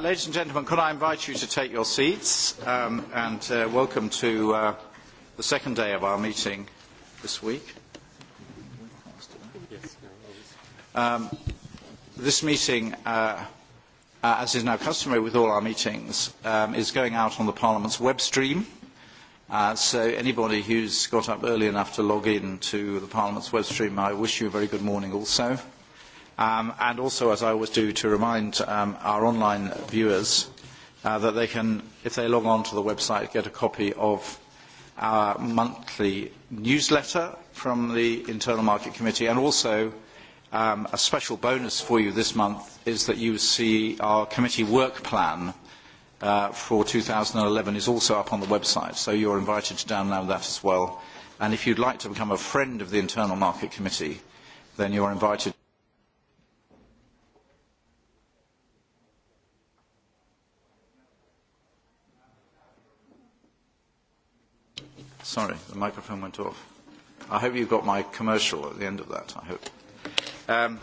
ladies and gentlemen, could I invite you to take your seats and welcome to the second day of our meeting this week. this meeting, as is now customary with all our meetings, is going out on the Parliament's web stream. so anybody who's got up early enough to log in to the Parliament's web stream, I wish you a very good morning also and also, as I always do, to remind our online viewers that they can, if they log on to the website, get a copy of our monthly newsletter from the Internal Market Committee and also a special bonus for you this month is that you see our committee work plan uh, for 2011 is also up on the website, so you're invited to download that as well. And if you'd like to become a friend of the Internal Market Committee, then you're invited Sorry, the microphone went off. I hope you got my commercial at the end of that, I hope. Um,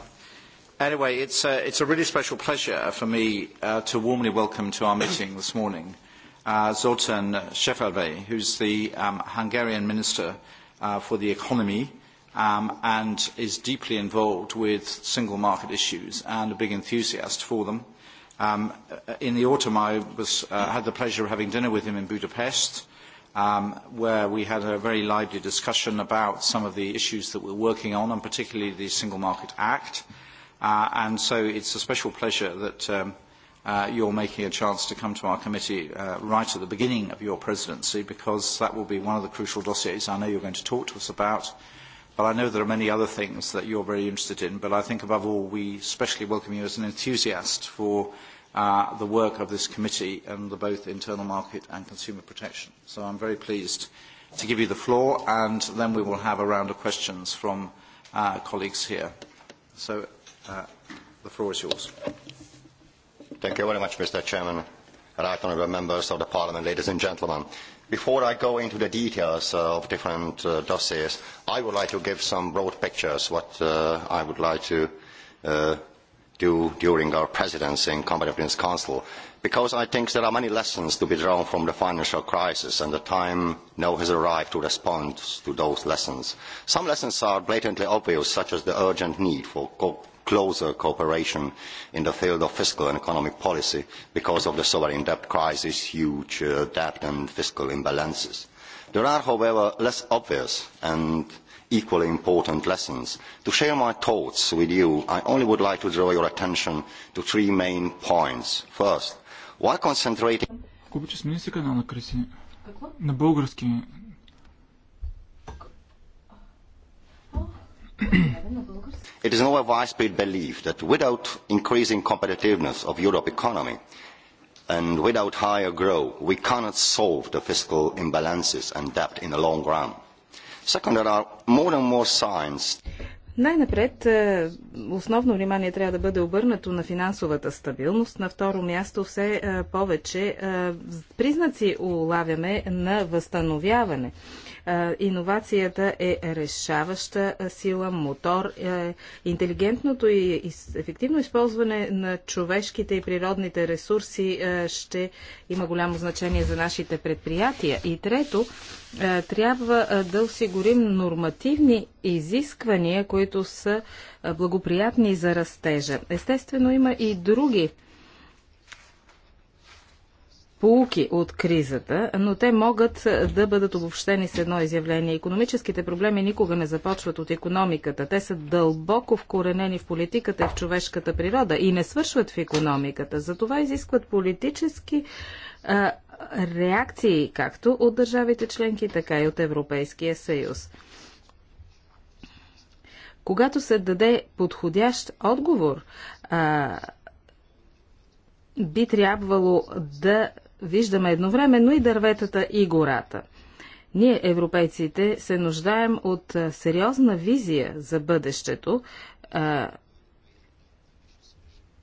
anyway, it's a, it's a really special pleasure for me uh, to warmly welcome to our meeting this morning uh, Zoltan Shefalve, who's the um, Hungarian Minister uh, for the Economy um, and is deeply involved with single market issues and a big enthusiast for them. Um, in the autumn, I was, uh, had the pleasure of having dinner with him in Budapest where we had a very lively discussion about some of the issues that we are working on, and particularly the Single Market Act. and so it is a special pleasure that you are making a chance to come to our committee right at the beginning of your presidency, because that will be one of the crucial dossiers I know you are going to talk to us about. But I know there are many other things that you are very interested in, but I think above all we especially welcome you as an enthusiast for uh, the work of this committee and the, both internal market and consumer protection. So I'm very pleased to give you the floor and then we will have a round of questions from uh, colleagues here. So uh, the floor is yours. Thank you very much, Mr. Chairman, and honourable members of the Parliament, ladies and gentlemen. Before I go into the details of different dossiers, I would like to give some broad pictures what I would like to do during our presidency in Competitiveness Council, because I think there are many lessons to be drawn from the financial crisis, and the time now has arrived to respond to those lessons. Some lessons are blatantly obvious, such as the urgent need for closer cooperation in the field of fiscal and economic policy because of the sovereign debt crisis, huge debt and fiscal imbalances. There are, however, less obvious and equally important lessons. To share my thoughts with you, I only would like to draw your attention to three main points. First, while concentrating... It is now widespread belief that without increasing competitiveness of European economy, and without higher growth, we cannot solve the fiscal imbalances and debt in the long run Second, there are more and more signs. Най-напред е, основно внимание трябва да бъде обърнато на финансовата стабилност. На второ място все е, повече е, признаци улавяме на възстановяване. Иновацията е решаваща сила, мотор. Интелигентното и ефективно използване на човешките и природните ресурси ще има голямо значение за нашите предприятия. И трето, трябва да осигурим нормативни изисквания, които които са благоприятни за растежа. Естествено, има и други полуки от кризата, но те могат да бъдат обобщени с едно изявление. Економическите проблеми никога не започват от економиката. Те са дълбоко вкоренени в политиката и в човешката природа и не свършват в економиката. Затова изискват политически реакции както от държавите членки, така и от Европейския съюз. Когато се даде подходящ отговор, а, би трябвало да виждаме едновременно и дърветата и гората. Ние, европейците, се нуждаем от сериозна визия за бъдещето а,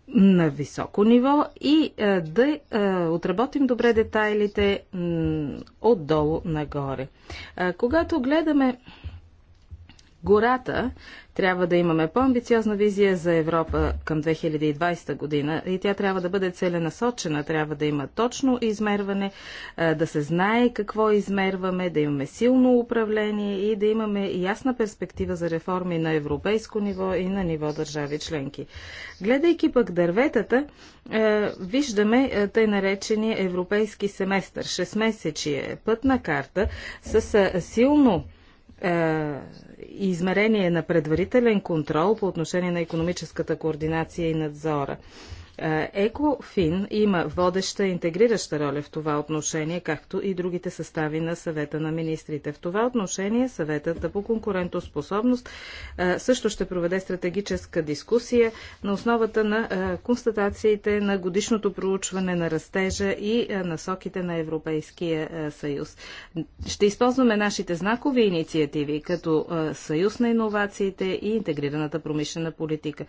на високо ниво и а, да а, отработим добре детайлите м, отдолу нагоре. А, когато гледаме гората, трябва да имаме по-амбициозна визия за Европа към 2020 година и тя трябва да бъде целенасочена, трябва да има точно измерване, да се знае какво измерваме, да имаме силно управление и да имаме ясна перспектива за реформи на европейско ниво и на ниво държави членки. Гледайки пък дърветата, виждаме тъй наречени европейски семестър, 6 месечие, пътна карта с силно е, измерение на предварителен контрол по отношение на економическата координация и надзора. Е, Екофин има водеща интегрираща роля в това отношение, както и другите състави на съвета на министрите. В това отношение съветът по конкурентоспособност е, също ще проведе стратегическа дискусия на основата на е, констатациите на годишното проучване на растежа и насоките на Европейския съюз. Ще използваме нашите знакови инициативи като Съюз на иновациите и интегрираната промишлена политика.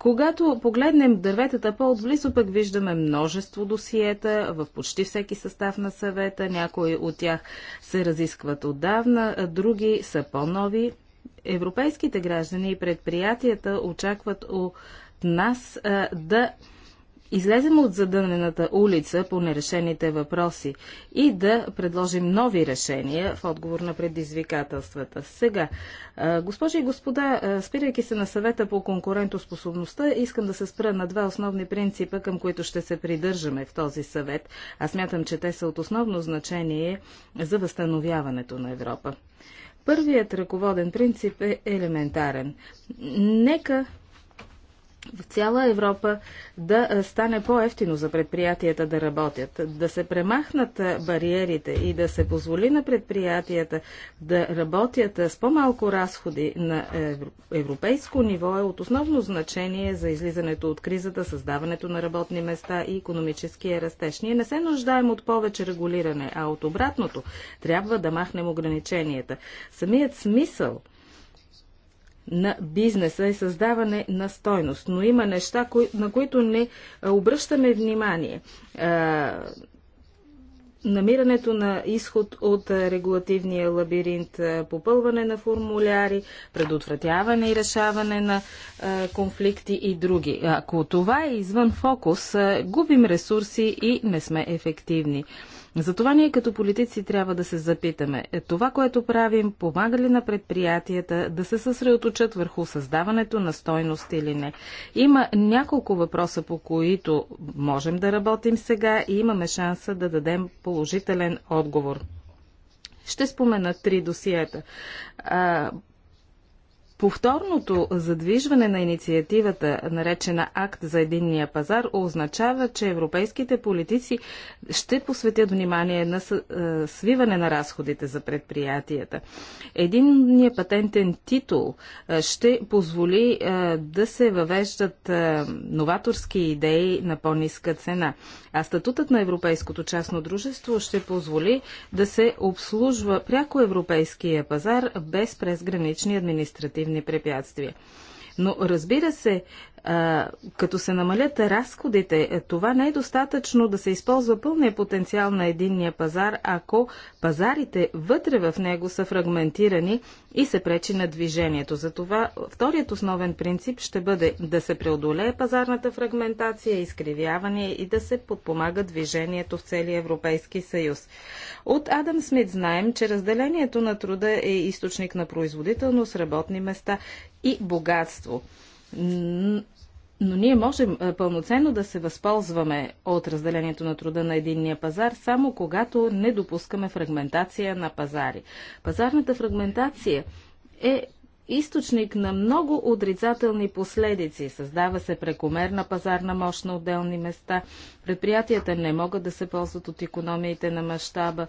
Когато погледнем дърветата по-отблизо, пък виждаме множество досиета в почти всеки състав на съвета. Някои от тях се разискват отдавна, а други са по-нови. Европейските граждани и предприятията очакват от нас а, да излезем от задънената улица по нерешените въпроси и да предложим нови решения в отговор на предизвикателствата. Сега, госпожи и господа, спирайки се на съвета по конкурентоспособността, искам да се спра на два основни принципа, към които ще се придържаме в този съвет. Аз смятам, че те са от основно значение за възстановяването на Европа. Първият ръководен принцип е елементарен. Нека в цяла Европа да стане по-ефтино за предприятията да работят, да се премахнат бариерите и да се позволи на предприятията да работят с по-малко разходи на европейско ниво е от основно значение за излизането от кризата, създаването на работни места и економическия растеж. Ние не се нуждаем от повече регулиране, а от обратното трябва да махнем ограниченията. Самият смисъл на бизнеса е създаване на стойност. Но има неща, на които не обръщаме внимание намирането на изход от регулативния лабиринт, попълване на формуляри, предотвратяване и решаване на конфликти и други. Ако това е извън фокус, губим ресурси и не сме ефективни. Затова ние като политици трябва да се запитаме, е, това, което правим, помага ли на предприятията да се съсредоточат върху създаването на стойност или не. Има няколко въпроса, по които можем да работим сега и имаме шанса да дадем положителен отговор. Ще спомена три досиета. Повторното задвижване на инициативата, наречена Акт за единния пазар, означава, че европейските политици ще посветят внимание на е, свиване на разходите за предприятията. Единният патентен титул е, ще позволи е, да се въвеждат новаторски идеи на по-ниска цена. А статутът на Европейското частно дружество ще позволи да се обслужва пряко европейския пазар без презгранични административни административни препятствия. Но разбира се, като се намалят разходите, е, това не е достатъчно да се използва пълния потенциал на единния пазар, ако пазарите вътре в него са фрагментирани и се пречи на движението. Затова вторият основен принцип ще бъде да се преодолее пазарната фрагментация, изкривяване и да се подпомага движението в целия Европейски съюз. От Адам Смит знаем, че разделението на труда е източник на производителност, работни места и богатство. Но ние можем пълноценно да се възползваме от разделението на труда на единния пазар, само когато не допускаме фрагментация на пазари. Пазарната фрагментация е източник на много отрицателни последици. Създава се прекомерна пазарна мощ на отделни места. Предприятията не могат да се ползват от економиите на мащаба.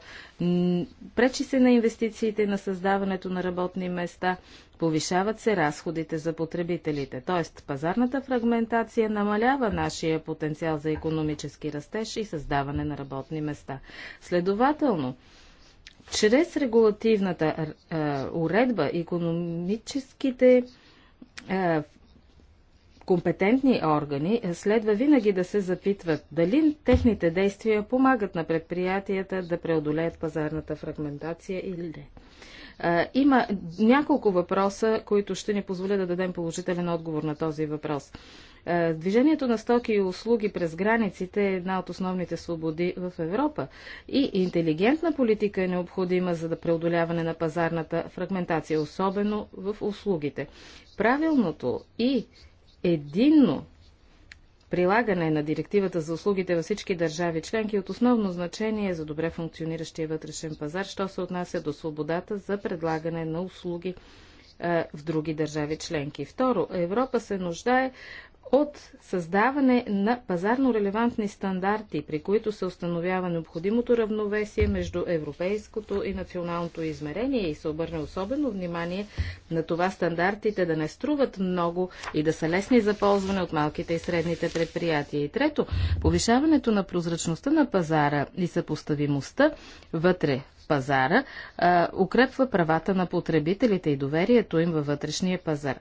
Пречи се на инвестициите на създаването на работни места. Повишават се разходите за потребителите. Тоест, пазарната фрагментация намалява нашия потенциал за економически растеж и създаване на работни места. Следователно, чрез регулативната а, уредба економическите а, компетентни органи следва винаги да се запитват дали техните действия помагат на предприятията да преодолеят пазарната фрагментация или не. Има няколко въпроса, които ще ни позволя да дадем положителен отговор на този въпрос. Движението на стоки и услуги през границите е една от основните свободи в Европа и интелигентна политика е необходима за да преодоляване на пазарната фрагментация, особено в услугите. Правилното и единно прилагане на директивата за услугите във всички държави членки е от основно значение за добре функциониращия вътрешен пазар, що се отнася до свободата за предлагане на услуги в други държави членки. Второ, Европа се нуждае от създаване на пазарно релевантни стандарти, при които се установява необходимото равновесие между европейското и националното измерение и се обърне особено внимание на това стандартите да не струват много и да са лесни за ползване от малките и средните предприятия. И трето, повишаването на прозрачността на пазара и съпоставимостта вътре пазара а, укрепва правата на потребителите и доверието им във вътрешния пазар.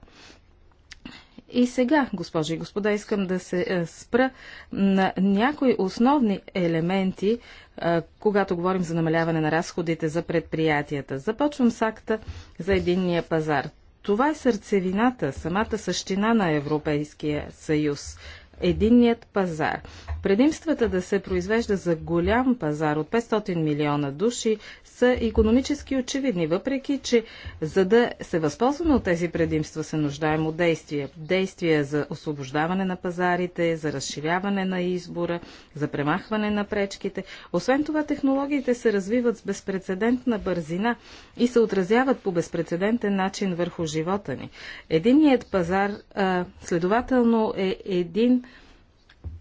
И сега, госпожи и господа, искам да се е, спра на някои основни елементи, е, когато говорим за намаляване на разходите за предприятията. Започвам с акта за единния пазар. Това е сърцевината, самата същина на Европейския съюз. Единният пазар. Предимствата да се произвежда за голям пазар от 500 милиона души са економически очевидни, въпреки че за да се възползваме от тези предимства се нуждаем от действия. Действия за освобождаване на пазарите, за разширяване на избора, за премахване на пречките. Освен това, технологиите се развиват с безпредседентна бързина и се отразяват по безпредседентен начин върху живота ни. Единият пазар, следователно, е един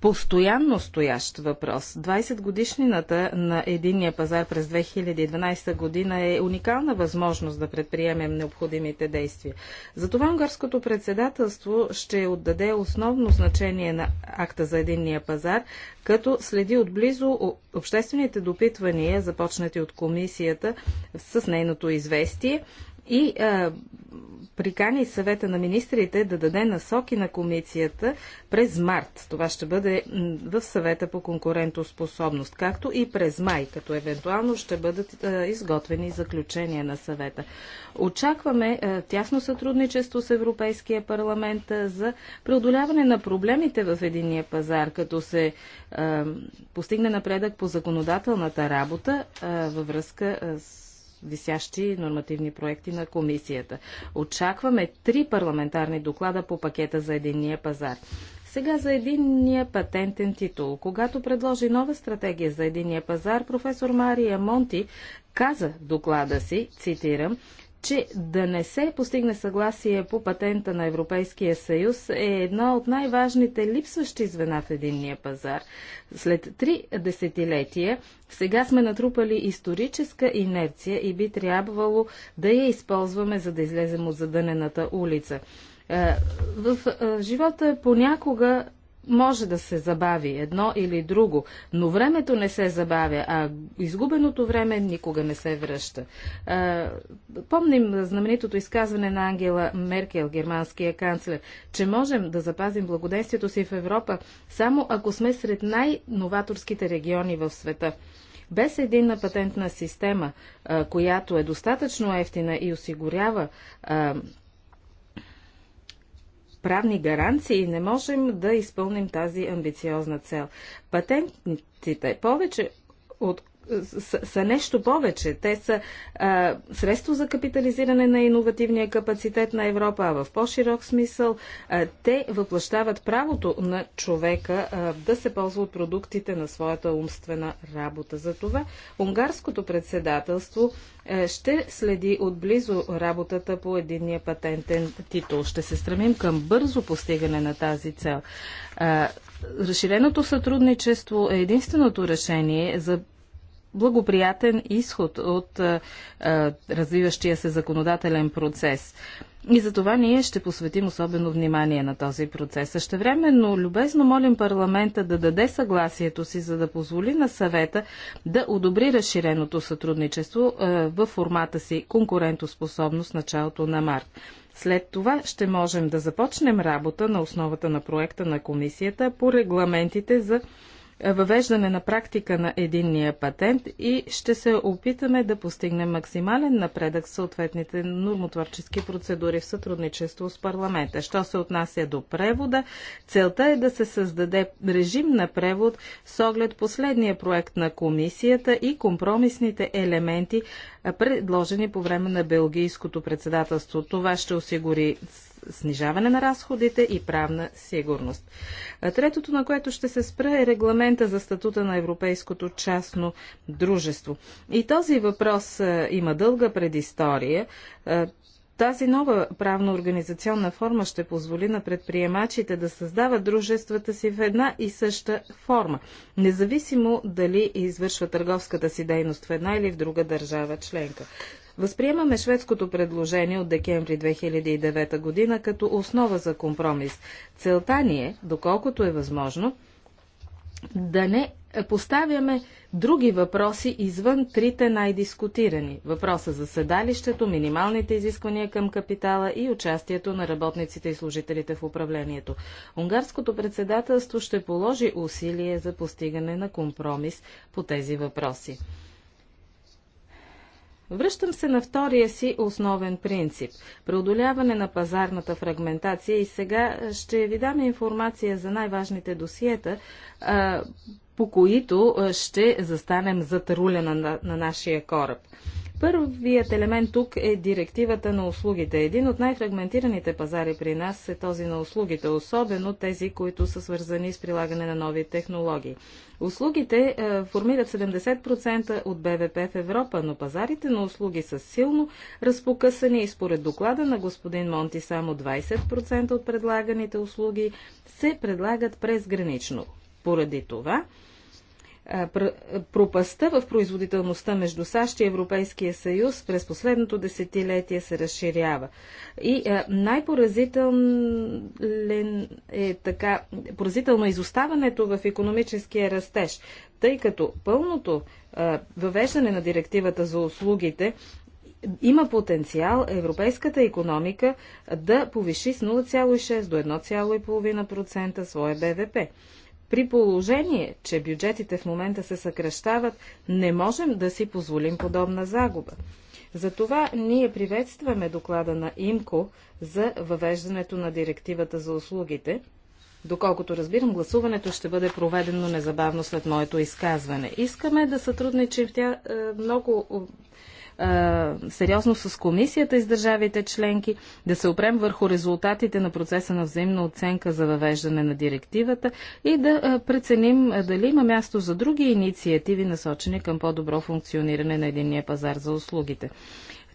постоянно стоящ въпрос. 20 годишнината на единния пазар през 2012 година е уникална възможност да предприемем необходимите действия. Затова унгарското председателство ще отдаде основно значение на акта за единния пазар, като следи отблизо обществените допитвания, започнати от комисията с нейното известие и а, прикани съвета на министрите да даде насоки на комисията през март. Това ще бъде в съвета по конкурентоспособност, както и през май, като евентуално ще бъдат а, изготвени заключения на съвета. Очакваме а, тясно сътрудничество с Европейския парламент а, за преодоляване на проблемите в единия пазар, като се постигне напредък по законодателната работа във връзка с висящи нормативни проекти на комисията. Очакваме три парламентарни доклада по пакета за единния пазар. Сега за единния патентен титул. Когато предложи нова стратегия за единния пазар, професор Мария Монти каза в доклада си, цитирам, че да не се постигне съгласие по патента на Европейския съюз е едно от най-важните липсващи звена в единния пазар. След три десетилетия сега сме натрупали историческа инерция и би трябвало да я използваме, за да излезем от задънената улица. Е, в е, живота понякога може да се забави едно или друго, но времето не се забавя, а изгубеното време никога не се връща. Помним знаменитото изказване на Ангела Меркел, германския канцлер, че можем да запазим благоденствието си в Европа само ако сме сред най-новаторските региони в света. Без единна патентна система, която е достатъчно ефтина и осигурява правни гаранции не можем да изпълним тази амбициозна цел. Патентите повече от са, са нещо повече. Те са а, средство за капитализиране на иновативния капацитет на Европа, а в по-широк смисъл а, те въплащават правото на човека а, да се ползва от продуктите на своята умствена работа. Затова унгарското председателство а, ще следи отблизо работата по единния патентен титул. Ще се стремим към бързо постигане на тази цел. А, разширеното сътрудничество е единственото решение за благоприятен изход от а, развиващия се законодателен процес. И за това ние ще посветим особено внимание на този процес. Същевременно любезно молим парламента да даде съгласието си, за да позволи на съвета да одобри разширеното сътрудничество а, в формата си конкурентоспособност началото на март. След това ще можем да започнем работа на основата на проекта на комисията по регламентите за въвеждане на практика на единния патент и ще се опитаме да постигнем максимален напредък в съответните нормотворчески процедури в сътрудничество с парламента. Що се отнася до превода, целта е да се създаде режим на превод с оглед последния проект на комисията и компромисните елементи, предложени по време на белгийското председателство. Това ще осигури снижаване на разходите и правна сигурност. Третото, на което ще се спра е регламента за статута на Европейското частно дружество. И този въпрос има дълга предистория. Тази нова правно-организационна форма ще позволи на предприемачите да създават дружествата си в една и съща форма, независимо дали извършва търговската си дейност в една или в друга държава членка. Възприемаме шведското предложение от декември 2009 година като основа за компромис. Целта ни е, доколкото е възможно, да не поставяме други въпроси извън трите най-дискутирани. Въпроса за седалището, минималните изисквания към капитала и участието на работниците и служителите в управлението. Унгарското председателство ще положи усилие за постигане на компромис по тези въпроси. Връщам се на втория си основен принцип – преодоляване на пазарната фрагментация и сега ще ви дам информация за най-важните досиета, по които ще застанем зад руля на, на нашия кораб. Първият елемент тук е директивата на услугите. Един от най-фрагментираните пазари при нас е този на услугите, особено тези, които са свързани с прилагане на нови технологии. Услугите е, формират 70% от БВП в Европа, но пазарите на услуги са силно разпокъсани и според доклада на господин Монти само 20% от предлаганите услуги се предлагат презгранично. Поради това, пропаста в производителността между САЩ и Европейския съюз през последното десетилетие се разширява. И най-поразителен е така, поразително е изоставането в економическия растеж, тъй като пълното въвеждане на директивата за услугите има потенциал европейската економика да повиши с 0,6 до 1,5% своя БВП. При положение, че бюджетите в момента се съкръщават, не можем да си позволим подобна загуба. Затова ние приветстваме доклада на ИМКО за въвеждането на директивата за услугите. Доколкото разбирам, гласуването ще бъде проведено незабавно след моето изказване. Искаме да сътрудничим в тя е, много сериозно с комисията и с държавите членки, да се опрем върху резултатите на процеса на взаимна оценка за въвеждане на директивата и да преценим дали има място за други инициативи, насочени към по-добро функциониране на единния пазар за услугите.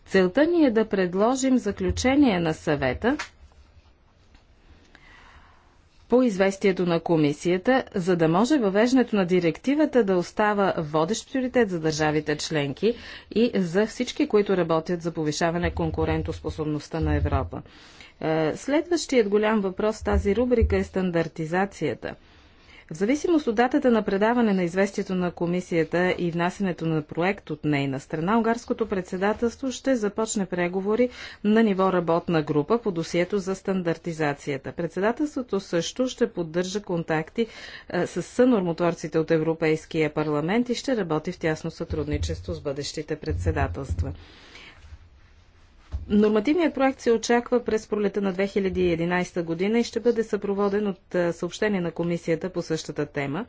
Целта ни е да предложим заключение на съвета по известието на комисията, за да може въвеждането на директивата да остава водещ приоритет за държавите членки и за всички, които работят за повишаване конкурентоспособността на Европа. Е, следващият голям въпрос в тази рубрика е стандартизацията – в зависимост от датата на предаване на известието на комисията и внасенето на проект от нейна страна, унгарското председателство ще започне преговори на ниво работна група по досието за стандартизацията. Председателството също ще поддържа контакти е, с сънормотворците от Европейския парламент и ще работи в тясно сътрудничество с бъдещите председателства. Нормативният проект се очаква през пролета на 2011 година и ще бъде съпроводен от съобщение на комисията по същата тема.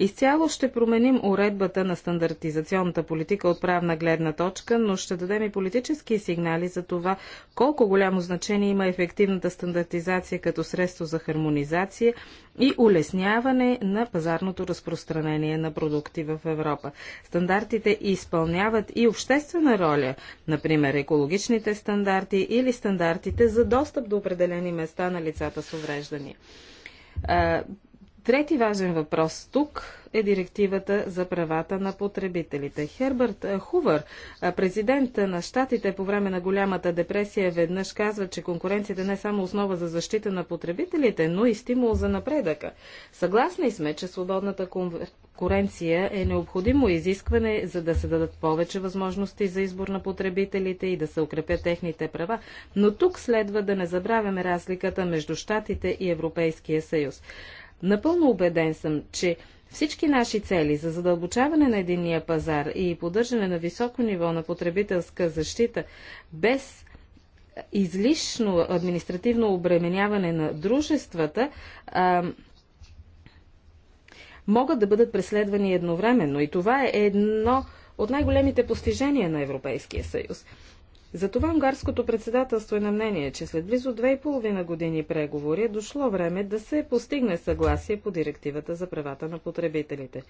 Изцяло ще променим уредбата на стандартизационната политика от правна гледна точка, но ще дадем и политически сигнали за това колко голямо значение има ефективната стандартизация като средство за хармонизация и улесняване на пазарното разпространение на продукти в Европа. Стандартите изпълняват и обществена роля, например екологичните стандарти, стандарти или стандартите за достъп до определени места на лицата с увреждания. Трети важен въпрос тук е директивата за правата на потребителите. Хербърт Хувър, президент на щатите по време на голямата депресия, веднъж казва, че конкуренцията не е само основа за защита на потребителите, но и стимул за напредъка. Съгласни сме, че свободната конкуренция е необходимо изискване, за да се дадат повече възможности за избор на потребителите и да се укрепят техните права, но тук следва да не забравяме разликата между Штатите и Европейския съюз. Напълно убеден съм, че всички наши цели за задълбочаване на единния пазар и поддържане на високо ниво на потребителска защита без излишно административно обременяване на дружествата, могат да бъдат преследвани едновременно. И това е едно от най-големите постижения на Европейския съюз. Затова унгарското председателство е на мнение, че след близо две и половина години преговори е дошло време да се постигне съгласие по директивата за правата на потребителите.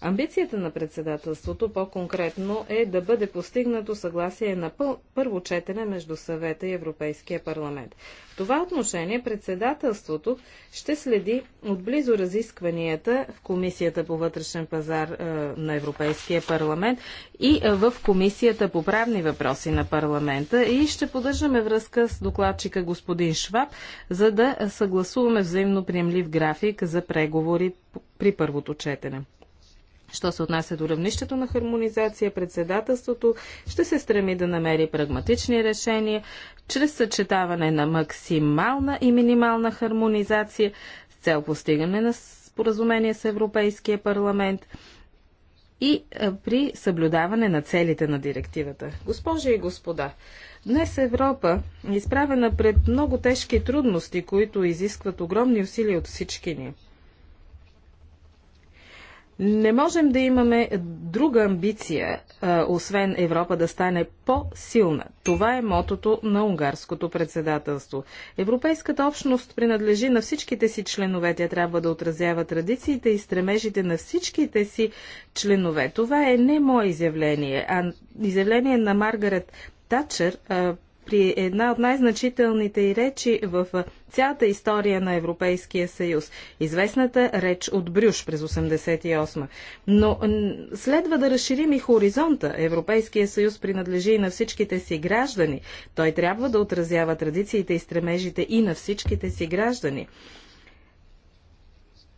Амбицията на председателството по-конкретно е да бъде постигнато съгласие на пъл... първо четене между съвета и Европейския парламент. В това отношение председателството ще следи отблизо разискванията в Комисията по вътрешен пазар е, на Европейския парламент и е, в Комисията по правни въпроси на парламента и ще поддържаме връзка с докладчика господин Шваб, за да съгласуваме взаимно приемлив график за преговори при първото четене. Що се отнася до равнището на хармонизация, председателството ще се стреми да намери прагматични решения чрез съчетаване на максимална и минимална хармонизация с цел постигане на споразумение с Европейския парламент и при съблюдаване на целите на директивата. Госпожи и господа, днес Европа е изправена пред много тежки трудности, които изискват огромни усилия от всички ни – не можем да имаме друга амбиция, освен Европа да стане по-силна. Това е мотото на унгарското председателство. Европейската общност принадлежи на всичките си членове. Тя трябва да отразява традициите и стремежите на всичките си членове. Това е не мое изявление, а изявление на Маргарет Тачер, при една от най-значителните и речи в цялата история на Европейския съюз. Известната реч от Брюш през 88. Но следва да разширим и хоризонта. Европейския съюз принадлежи и на всичките си граждани. Той трябва да отразява традициите и стремежите и на всичките си граждани.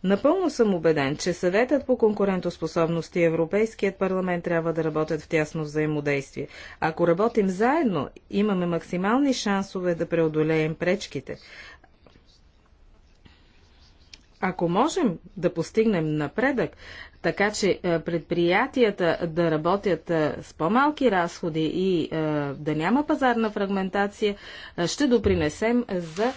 Напълно съм убеден, че съветът по конкурентоспособност и Европейският парламент трябва да работят в тясно взаимодействие. Ако работим заедно, имаме максимални шансове да преодолеем пречките. Ако можем да постигнем напредък, така че е, предприятията да работят е, с по-малки разходи и е, да няма пазарна фрагментация, ще допринесем за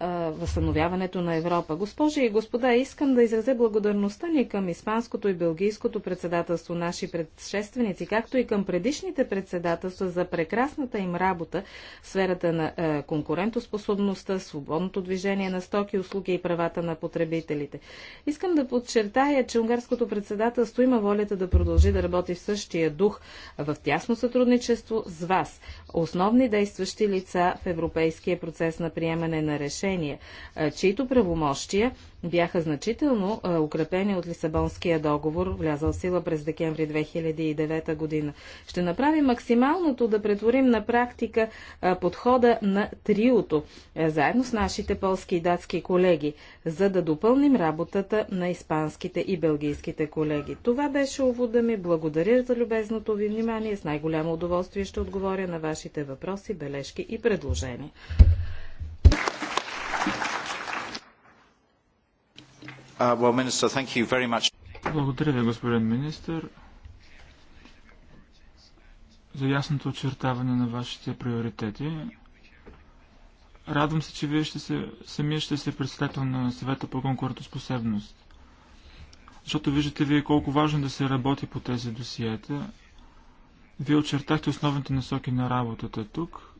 възстановяването на Европа. Госпожи и господа, искам да изразя благодарността ни към Испанското и Белгийското председателство, наши предшественици, както и към предишните председателства за прекрасната им работа в сферата на е, конкурентоспособността, свободното движение на стоки, услуги и правата на потребителите. Искам да подчертая, че Унгарското председателство има волята да продължи да работи в същия дух, в тясно сътрудничество с вас, основни действащи лица в европейския процес на приемане на решение решения, чието правомощия бяха значително укрепени от Лисабонския договор, влязал в сила през декември 2009 година. Ще направим максималното да претворим на практика подхода на триото, е, заедно с нашите полски и датски колеги, за да допълним работата на испанските и белгийските колеги. Това беше увода ми. Благодаря за любезното ви внимание. С най-голямо удоволствие ще отговоря на вашите въпроси, бележки и предложения. Uh, well, Minister, thank you very much. Благодаря ви, господин министр, за ясното очертаване на вашите приоритети. Радвам се, че вие ще се, самия ще се председател на съвета по конкурентоспособност. Защото виждате вие колко важно да се работи по тези досиета. Вие очертахте основните насоки на работата тук.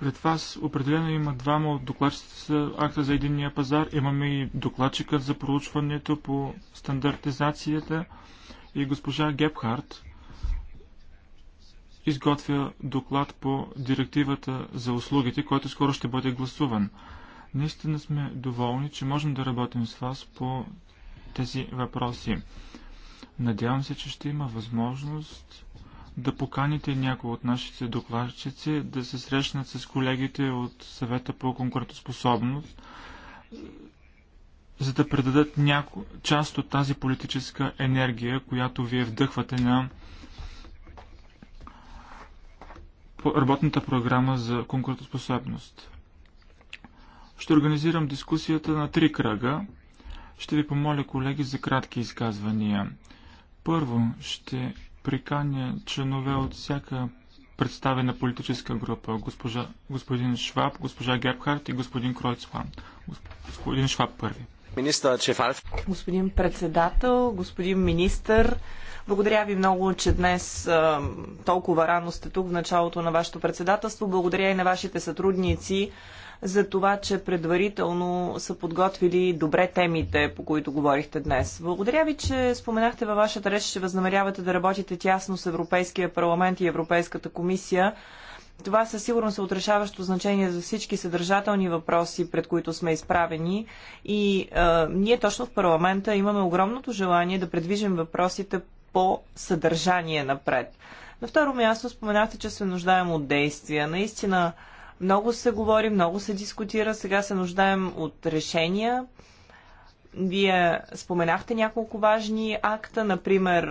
Пред вас определено има двама от докладчиците за акта за единния пазар. Имаме и докладчика за проучването по стандартизацията и госпожа Гепхарт изготвя доклад по директивата за услугите, който скоро ще бъде гласуван. Наистина сме доволни, че можем да работим с вас по тези въпроси. Надявам се, че ще има възможност да поканите някои от нашите докладчици да се срещнат с колегите от съвета по конкурентоспособност, за да предадат няко... част от тази политическа енергия, която вие вдъхвате на работната програма за конкурентоспособност. Ще организирам дискусията на три кръга. Ще ви помоля, колеги, за кратки изказвания. Първо ще приканя членове от всяка представена политическа група. Госпожа, господин Шваб, госпожа Гербхарт и господин Кройцман. Господин Шваб първи. Министър Господин председател, господин министър, благодаря ви много, че днес толкова рано сте тук в началото на вашето председателство. Благодаря и на вашите сътрудници за това, че предварително са подготвили добре темите, по които говорихте днес. Благодаря ви, че споменахте във вашата реч, че възнамерявате да работите тясно с Европейския парламент и Европейската комисия това със сигурност е отрешаващо значение за всички съдържателни въпроси, пред които сме изправени. И а, ние точно в парламента имаме огромното желание да предвижим въпросите по съдържание напред. На второ място споменахте, че се нуждаем от действия. Наистина много се говори, много се дискутира, сега се нуждаем от решения. Вие споменахте няколко важни акта, например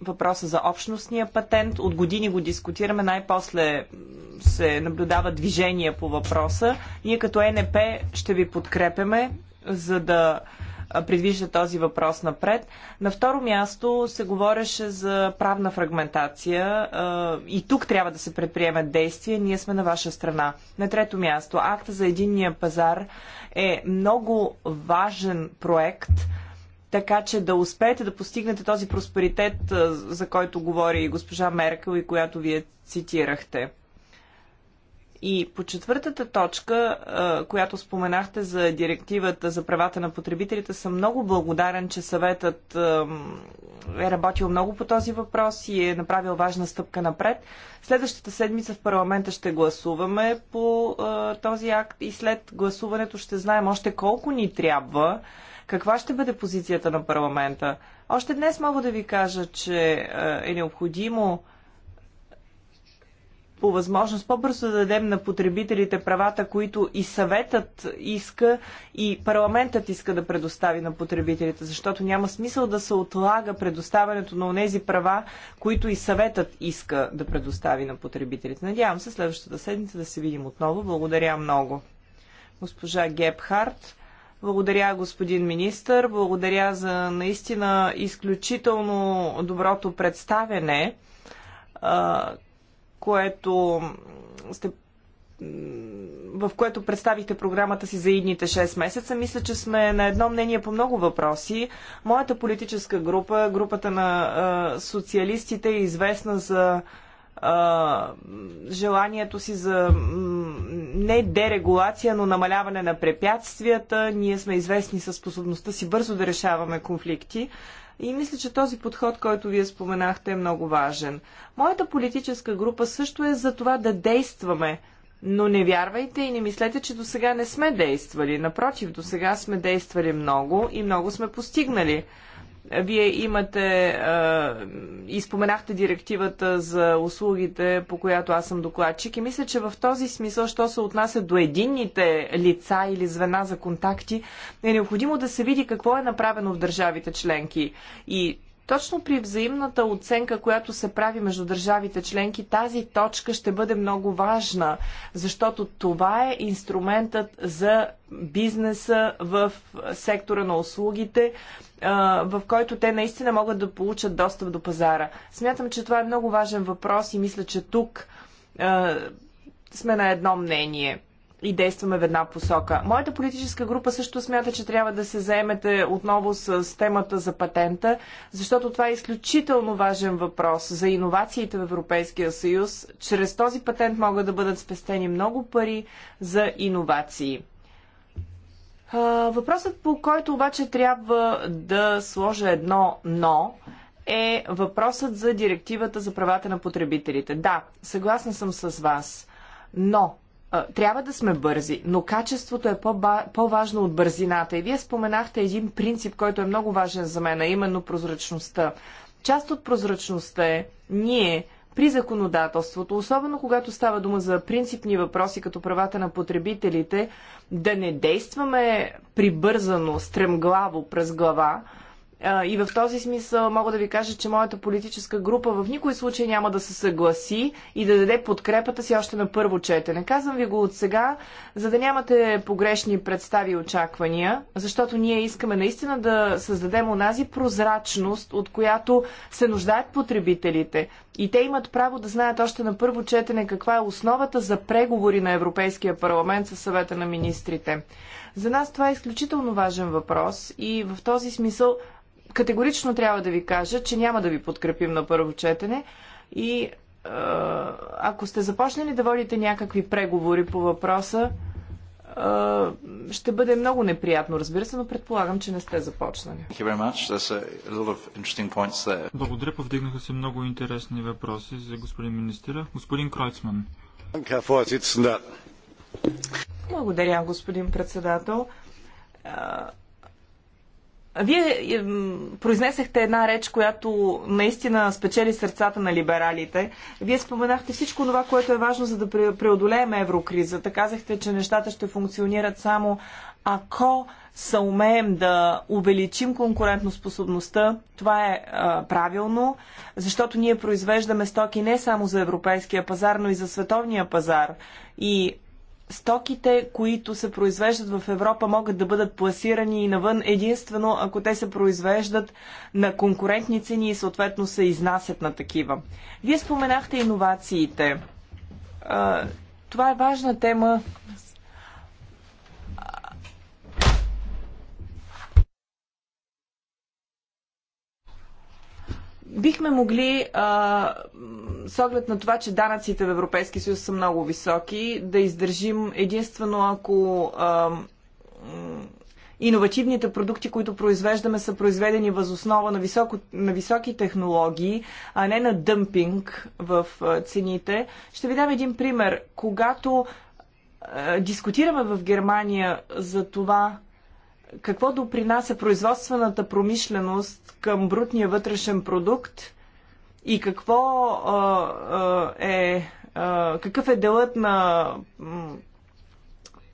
въпроса за общностния патент. От години го дискутираме, най-после се наблюдава движение по въпроса. Ние като НП ще ви подкрепяме, за да предвижда този въпрос напред. На второ място се говореше за правна фрагментация и тук трябва да се предприемат действия. Ние сме на ваша страна. На трето място, акта за единния пазар е много важен проект – така че да успеете да постигнете този просперитет, за който говори и госпожа Меркел и която вие цитирахте. И по четвъртата точка, която споменахте за директивата за правата на потребителите, съм много благодарен, че съветът е работил много по този въпрос и е направил важна стъпка напред. Следващата седмица в парламента ще гласуваме по този акт и след гласуването ще знаем още колко ни трябва каква ще бъде позицията на парламента? Още днес мога да ви кажа, че е, е необходимо по възможност по-бързо да дадем на потребителите правата, които и съветът иска, и парламентът иска да предостави на потребителите, защото няма смисъл да се отлага предоставянето на онези права, които и съветът иска да предостави на потребителите. Надявам се следващата седмица да се видим отново. Благодаря много. Госпожа Гебхарт. Благодаря, господин министър. Благодаря за наистина изключително доброто представене, което сте в което представихте програмата си за идните 6 месеца. Мисля, че сме на едно мнение по много въпроси. Моята политическа група, групата на а, социалистите, е известна за а, желанието си за не дерегулация, но намаляване на препятствията. Ние сме известни със способността си бързо да решаваме конфликти. И мисля, че този подход, който вие споменахте, е много важен. Моята политическа група също е за това да действаме, но не вярвайте и не мислете, че до сега не сме действали. Напротив, до сега сме действали много и много сме постигнали. Вие имате и споменахте директивата за услугите, по която аз съм докладчик и мисля, че в този смисъл, що се отнася до единните лица или звена за контакти, е необходимо да се види какво е направено в държавите членки. И точно при взаимната оценка, която се прави между държавите членки, тази точка ще бъде много важна, защото това е инструментът за бизнеса в сектора на услугите, в който те наистина могат да получат достъп до пазара. Смятам, че това е много важен въпрос и мисля, че тук сме на едно мнение и действаме в една посока. Моята политическа група също смята, че трябва да се заемете отново с темата за патента, защото това е изключително важен въпрос за иновациите в Европейския съюз. Чрез този патент могат да бъдат спестени много пари за иновации. Въпросът, по който обаче трябва да сложа едно но, е въпросът за директивата за правата на потребителите. Да, съгласна съм с вас, но трябва да сме бързи, но качеството е по-важно от бързината. И вие споменахте един принцип, който е много важен за мен, а именно прозрачността. Част от прозрачността е ние при законодателството, особено когато става дума за принципни въпроси като правата на потребителите, да не действаме прибързано, стремглаво през глава, и в този смисъл мога да ви кажа, че моята политическа група в никой случай няма да се съгласи и да даде подкрепата си още на първо четене. Казвам ви го от сега, за да нямате погрешни представи и очаквания, защото ние искаме наистина да създадем онази прозрачност, от която се нуждаят потребителите. И те имат право да знаят още на първо четене каква е основата за преговори на Европейския парламент със съвета на министрите. За нас това е изключително важен въпрос и в този смисъл категорично трябва да ви кажа, че няма да ви подкрепим на първо четене и е, ако сте започнали да водите някакви преговори по въпроса, е, ще бъде много неприятно, разбира се, но предполагам, че не сте започнали. Благодаря, повдигнаха се много интересни въпроси за господин министъра. Господин Кройцман. Благодаря, господин председател. Е, вие произнесехте една реч, която наистина спечели сърцата на либералите. Вие споменахте всичко това, което е важно за да преодолеем еврокризата. Казахте, че нещата ще функционират само ако са умеем да увеличим конкурентоспособността, това е а, правилно, защото ние произвеждаме стоки не само за европейския пазар, но и за световния пазар. И стоките, които се произвеждат в Европа, могат да бъдат пласирани и навън единствено, ако те се произвеждат на конкурентни цени и съответно се изнасят на такива. Вие споменахте иновациите. Това е важна тема, бихме могли, а, с оглед на това, че данъците в Европейския съюз са много високи, да издържим единствено ако а, иновативните продукти, които произвеждаме, са произведени възоснова на, високо, на високи технологии, а не на дъмпинг в цените. Ще ви дам един пример. Когато а, дискутираме в Германия за това, какво допринася производствената промишленост към брутния вътрешен продукт и какво е, какъв е делът на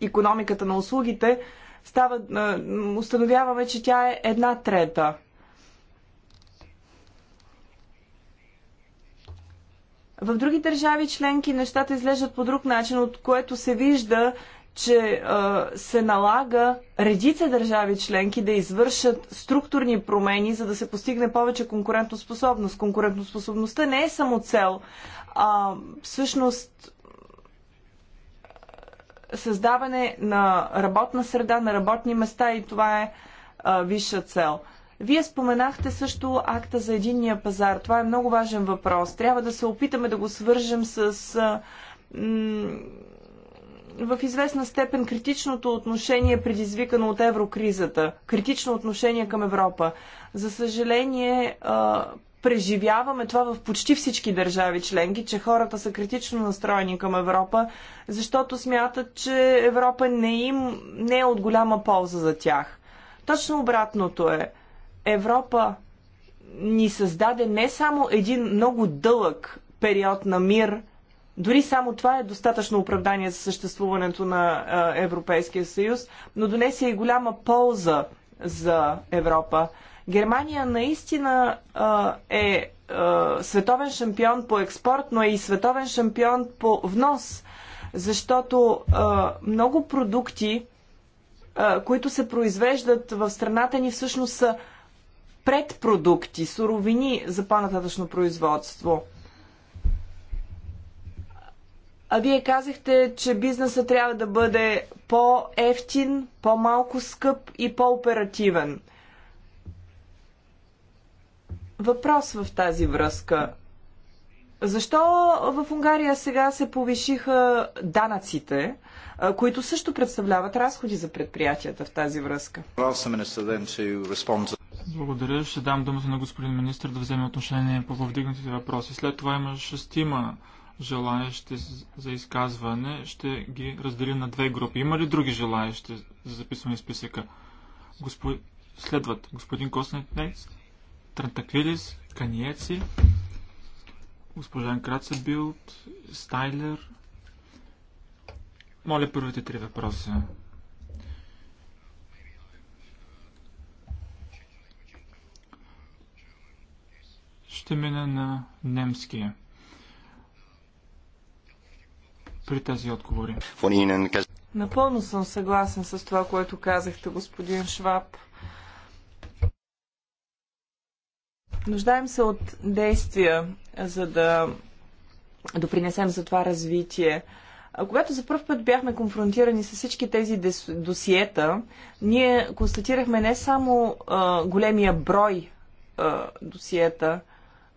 економиката на услугите, става, установяваме, че тя е една трета. В други държави членки нещата излежат по друг начин, от което се вижда, че а, се налага редица държави членки да извършат структурни промени, за да се постигне повече конкурентоспособност. Конкурентоспособността не е само цел, а всъщност създаване на работна среда, на работни места и това е а, висша цел. Вие споменахте също акта за единния пазар. Това е много важен въпрос. Трябва да се опитаме да го свържем с. А, в известна степен критичното отношение, предизвикано от еврокризата, критично отношение към Европа. За съжаление, преживяваме това в почти всички държави членки, че хората са критично настроени към Европа, защото смятат, че Европа не им не е от голяма полза за тях. Точно обратното е. Европа ни създаде не само един много дълъг период на мир – дори само това е достатъчно оправдание за съществуването на Европейския съюз, но донесе и голяма полза за Европа. Германия наистина е световен шампион по експорт, но е и световен шампион по внос, защото много продукти, които се произвеждат в страната ни, всъщност са предпродукти, суровини за по-нататъчно производство. А вие казахте, че бизнеса трябва да бъде по-ефтин, по-малко скъп и по-оперативен. Въпрос в тази връзка. Защо в Унгария сега се повишиха данъците, които също представляват разходи за предприятията в тази връзка? Благодаря. Ще дам думата на господин министр да вземе отношение по повдигнатите въпроси. След това има шестима желаящи за изказване, ще ги разделим на две групи. Има ли други желаящи за записване в списъка? Госпо... Следват господин Коснетнец, Трантаквилис, Каниеци, госпожа Крацебилд, Стайлер. Моля първите три въпроса. Ще мина на немския при тези отговори. Напълно съм съгласен с това, което казахте, господин Шваб. Нуждаем се от действия, за да допринесем за това развитие. Когато за първ път бяхме конфронтирани с всички тези досиета, ние констатирахме не само а, големия брой а, досиета,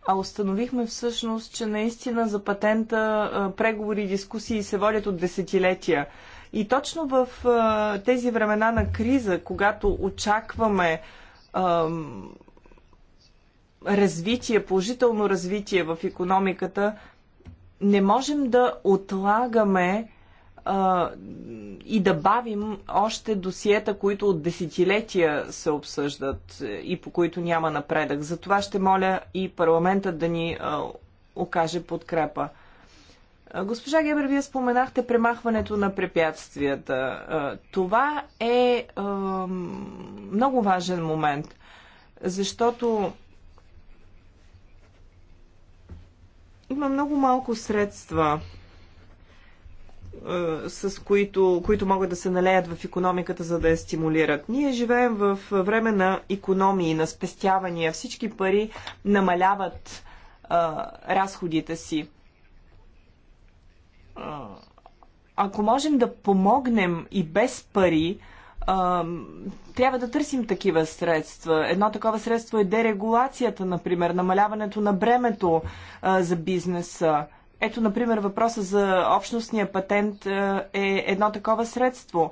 а установихме всъщност, че наистина за патента преговори и дискусии се водят от десетилетия. И точно в тези времена на криза, когато очакваме развитие, положително развитие в економиката, не можем да отлагаме и да бавим още досиета, които от десетилетия се обсъждат и по които няма напредък. Затова ще моля и парламента да ни а, окаже подкрепа. Госпожа Гебер, вие споменахте премахването на препятствията. Това е много важен момент, защото има много малко средства с които, които могат да се налеят в економиката, за да я стимулират. Ние живеем в време на економии, на спестявания. Всички пари намаляват а, разходите си. ако можем да помогнем и без пари, а, трябва да търсим такива средства. Едно такова средство е дерегулацията, например, намаляването на бремето а, за бизнеса ето, например, въпроса за общностния патент е, е едно такова средство.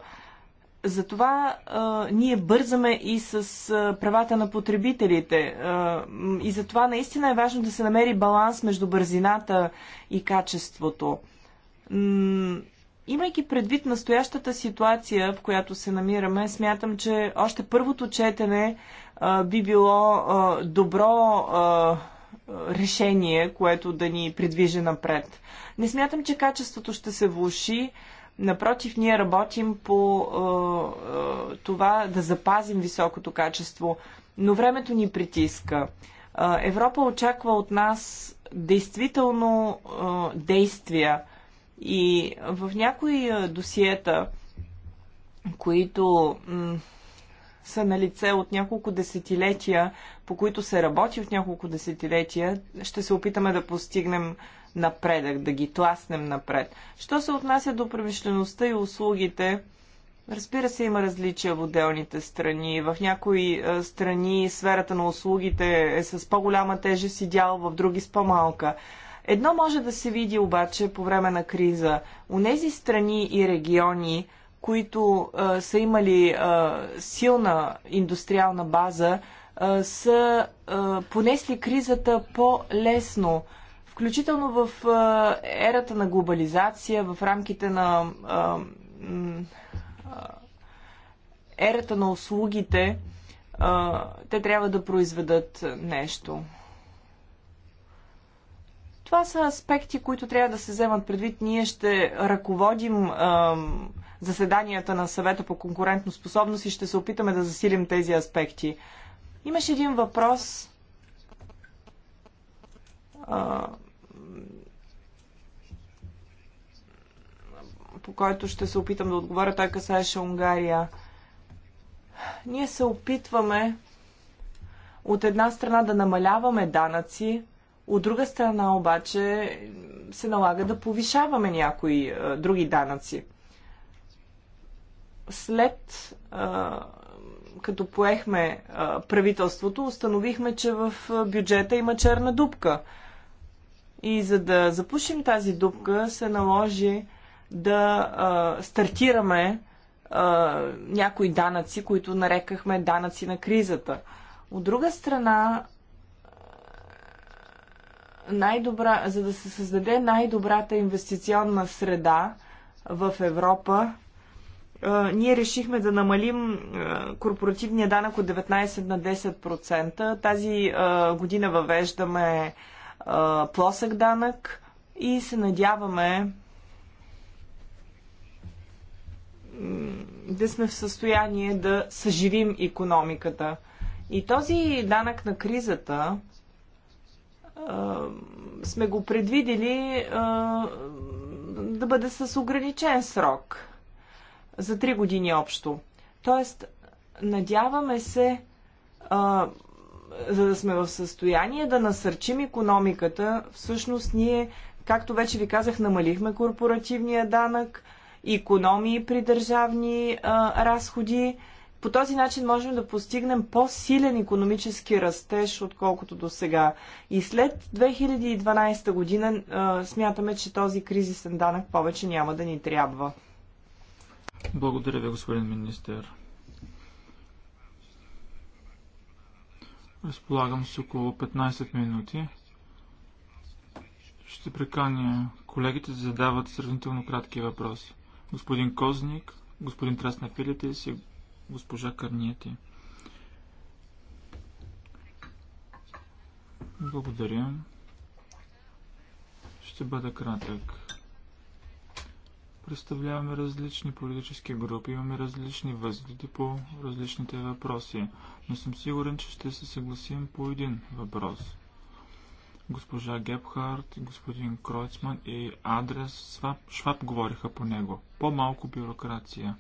Затова е, ние бързаме и с е, правата на потребителите. А, и затова наистина е важно да се намери баланс между бързината и качеството. М- имайки предвид настоящата ситуация, в която се намираме, смятам, че още първото четене би било добро решение, което да ни придвижи напред. Не смятам, че качеството ще се влуши. Напротив, ние работим по е, е, това да запазим високото качество, но времето ни притиска. Е, Европа очаква от нас действително е, действия и в някои досиета, които са на лице от няколко десетилетия, по които се работи от няколко десетилетия, ще се опитаме да постигнем напредък, да ги тласнем напред. Що се отнася до промишлеността и услугите, разбира се, има различия в отделните страни. В някои е, страни сферата на услугите е с по-голяма тежест и дял, в други с по-малка. Едно може да се види обаче по време на криза. У нези страни и региони, които а, са имали а, силна индустриална база, а, са а, понесли кризата по-лесно. Включително в а, ерата на глобализация, в рамките на а, а, ерата на услугите, а, те трябва да произведат нещо. Това са аспекти, които трябва да се вземат предвид. Ние ще ръководим. А, заседанията на съвета по конкурентоспособност и ще се опитаме да засилим тези аспекти. Имаше един въпрос. А, по който ще се опитам да отговоря. Той касаеше Унгария. Ние се опитваме от една страна да намаляваме данъци, от друга страна обаче се налага да повишаваме някои други данъци след като поехме правителството, установихме, че в бюджета има черна дупка. И за да запушим тази дупка, се наложи да стартираме някои данъци, които нарекахме данъци на кризата. От друга страна, най-добра, за да се създаде най-добрата инвестиционна среда в Европа, ние решихме да намалим корпоративния данък от 19 на 10%. Тази година въвеждаме плосък данък и се надяваме да сме в състояние да съживим економиката. И този данък на кризата сме го предвидели да бъде с ограничен срок за 3 години общо. Тоест, надяваме се а, за да сме в състояние да насърчим економиката, всъщност ние, както вече ви казах, намалихме корпоративния данък, економии при държавни а, разходи. По този начин можем да постигнем по-силен економически растеж, отколкото до сега. И след 2012 година а, смятаме, че този кризисен данък повече няма да ни трябва. Благодаря ви, господин министър. Разполагам с около 15 минути. Ще приканя колегите да задават сравнително кратки въпроси. Господин Козник, господин Трасна Филитис и госпожа Карниети. Благодаря. Ще бъда кратък представляваме различни политически групи, имаме различни възгледи по различните въпроси, но съм сигурен, че ще се съгласим по един въпрос. Госпожа Гепхарт, господин Кройцман и Адрес Сваб, Шваб говориха по него. По-малко бюрокрация.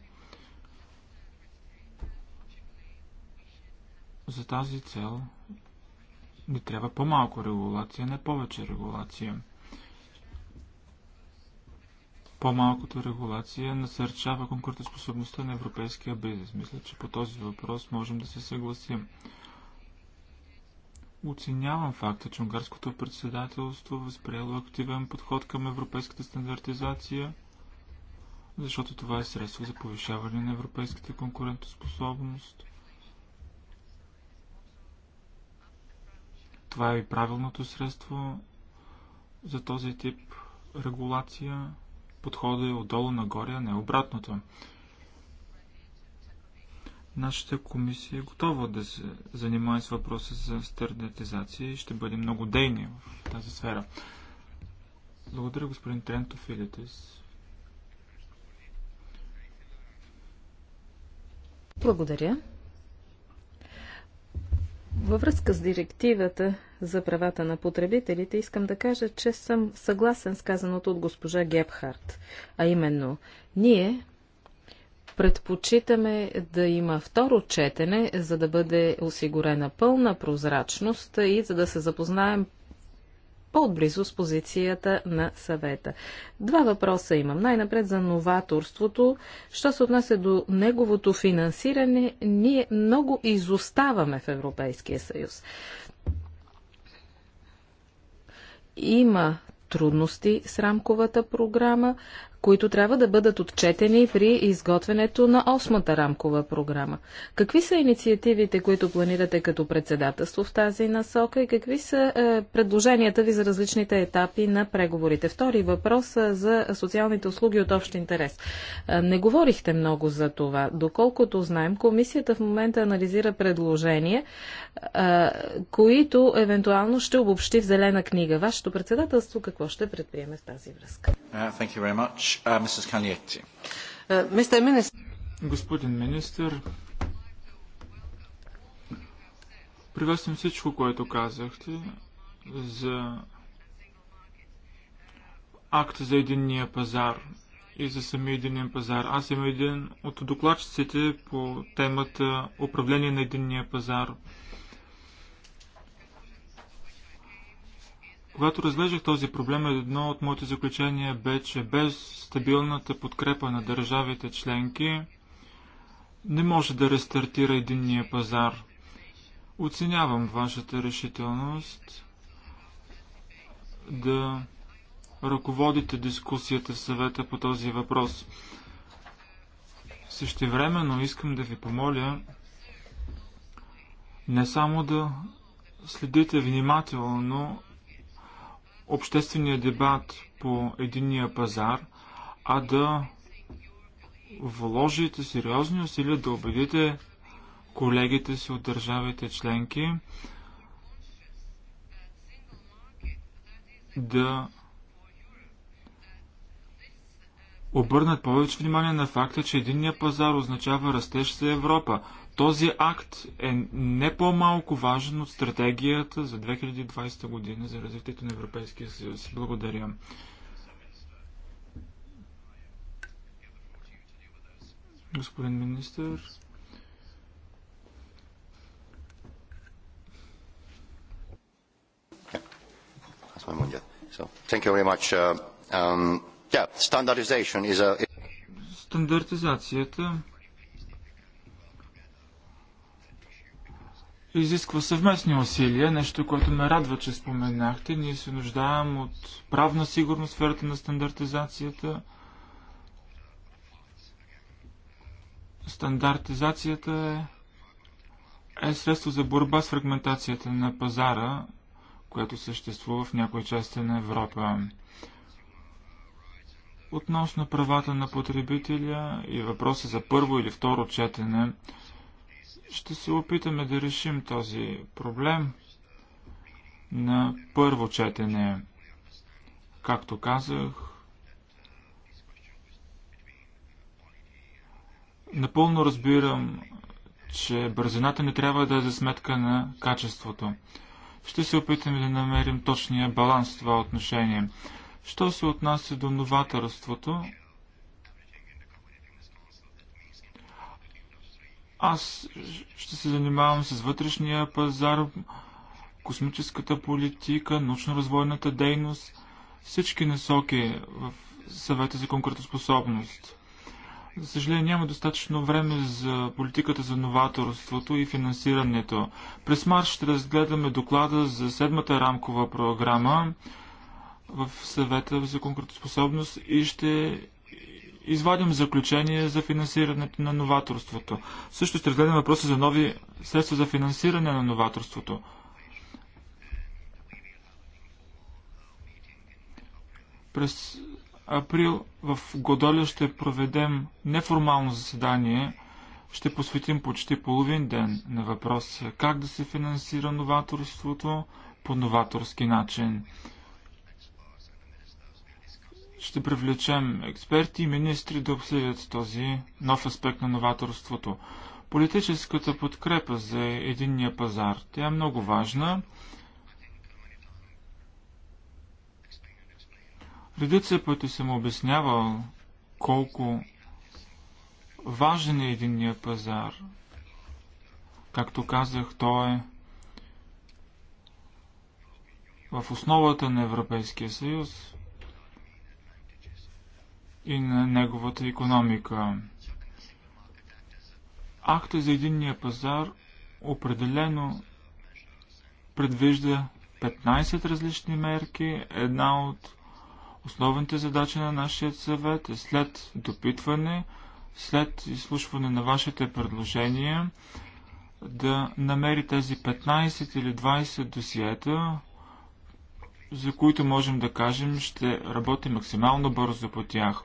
За тази цел ни трябва по-малко регулация, не повече регулация. По-малкото регулация насърчава конкурентоспособността на европейския бизнес. Мисля, че по този въпрос можем да се съгласим. Оценявам факта, че унгарското председателство възприело активен подход към европейската стандартизация, защото това е средство за повишаване на европейската конкурентоспособност. Това е и правилното средство за този тип регулация подходът е отдолу нагоре, а не обратното. Нашата комисия е готова да се занимава с въпроса за стандартизация и ще бъде много дейни в тази сфера. Благодаря, господин Тренто Филетес. Благодаря. Във връзка с директивата за правата на потребителите, искам да кажа, че съм съгласен с казаното от госпожа Гебхарт. А именно, ние предпочитаме да има второ четене, за да бъде осигурена пълна прозрачност и за да се запознаем по-отблизо с позицията на съвета. Два въпроса имам. Най-напред за новаторството. Що се отнася до неговото финансиране, ние много изоставаме в Европейския съюз. Има трудности с рамковата програма, които трябва да бъдат отчетени при изготвянето на осмата рамкова програма. Какви са инициативите, които планирате като председателство в тази насока и какви са е, предложенията ви за различните етапи на преговорите? Втори въпрос е за социалните услуги от общ интерес. Е, не говорихте много за това. Доколкото знаем, комисията в момента анализира предложения, е, които евентуално ще обобщи в зелена книга. Вашето председателство какво ще предприеме в тази връзка? Uh, Uh, Mrs. Kalnieti. Uh, Господин министр, приветствам всичко, което казахте за акта за единния пазар и за самия единния пазар. Аз съм един от докладчиците по темата управление на единния пазар – Когато разглеждах този проблем, едно от моите заключения бе, че без стабилната подкрепа на държавите членки не може да рестартира единния пазар. Оценявам вашата решителност да ръководите дискусията в съвета по този въпрос. Същевременно искам да ви помоля не само да следите внимателно обществения дебат по единния пазар, а да вложите сериозни усилия да убедите колегите си от държавите членки да обърнат повече внимание на факта, че единния пазар означава растеж за Европа. Този акт е не по-малко важен от стратегията за 2020 година за развитието на Европейския съюз. Благодаря. Господин министр. Стандартизацията изисква съвместни усилия, нещо, което ме радва, че споменахте. Ние се нуждаем от правна сигурност в сферата на стандартизацията. Стандартизацията е, е средство за борба с фрагментацията на пазара, което съществува в някои части на Европа. Относно правата на потребителя и въпроса за първо или второ четене, ще се опитаме да решим този проблем на първо четене. Както казах, напълно разбирам, че бързината не трябва да е за сметка на качеството. Ще се опитаме да намерим точния баланс в това отношение. Що се отнася до новаторството, Аз ще се занимавам с вътрешния пазар, космическата политика, научно-развойната дейност, всички насоки в съвета за конкурентоспособност. За съжаление няма достатъчно време за политиката за новаторството и финансирането. През март ще разгледаме доклада за седмата рамкова програма в съвета за конкурентоспособност и ще извадим заключение за финансирането на новаторството. Също ще разгледаме въпроса за нови средства за финансиране на новаторството. През април в Годоля ще проведем неформално заседание. Ще посветим почти половин ден на въпрос как да се финансира новаторството по новаторски начин ще привлечем експерти и министри да обсъдят този нов аспект на новаторството. Политическата подкрепа за единния пазар, тя е много важна. Редица пъти съм обяснявал колко важен е единния пазар. Както казах, той е в основата на Европейския съюз и на неговата економика. Акта за единния пазар определено предвижда 15 различни мерки. Една от основните задачи на нашия съвет е след допитване, след изслушване на вашите предложения, да намери тези 15 или 20 досиета, за които можем да кажем, ще работим максимално бързо по тях.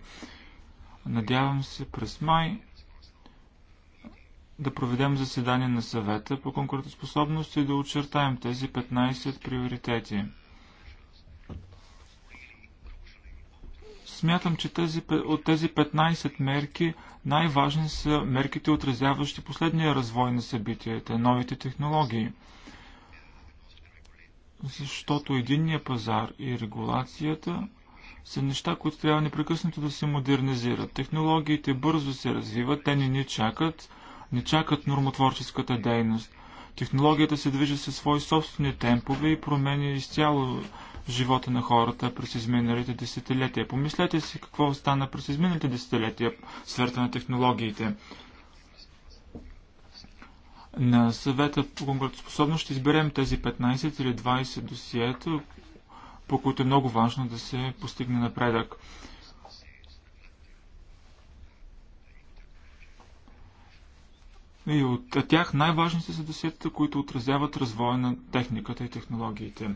Надявам се през май да проведем заседание на съвета по конкурентоспособност и да очертаем тези 15 приоритети. Смятам, че тези, от тези 15 мерки най-важни са мерките, отразяващи последния развой на събитията, новите технологии – защото единния пазар и регулацията са неща, които трябва непрекъснато да се модернизират. Технологиите бързо се развиват, те не ни чакат, не чакат нормотворческата дейност. Технологията се движи със свои собствени темпове и променя изцяло живота на хората през изминалите десетилетия. Помислете си какво стана през изминалите десетилетия в сферата на технологиите на съвета по конкурентоспособност ще изберем тези 15 или 20 досиета, по които е много важно да се постигне напредък. И от тях най-важните са досиетата, които отразяват развоя на техниката и технологиите.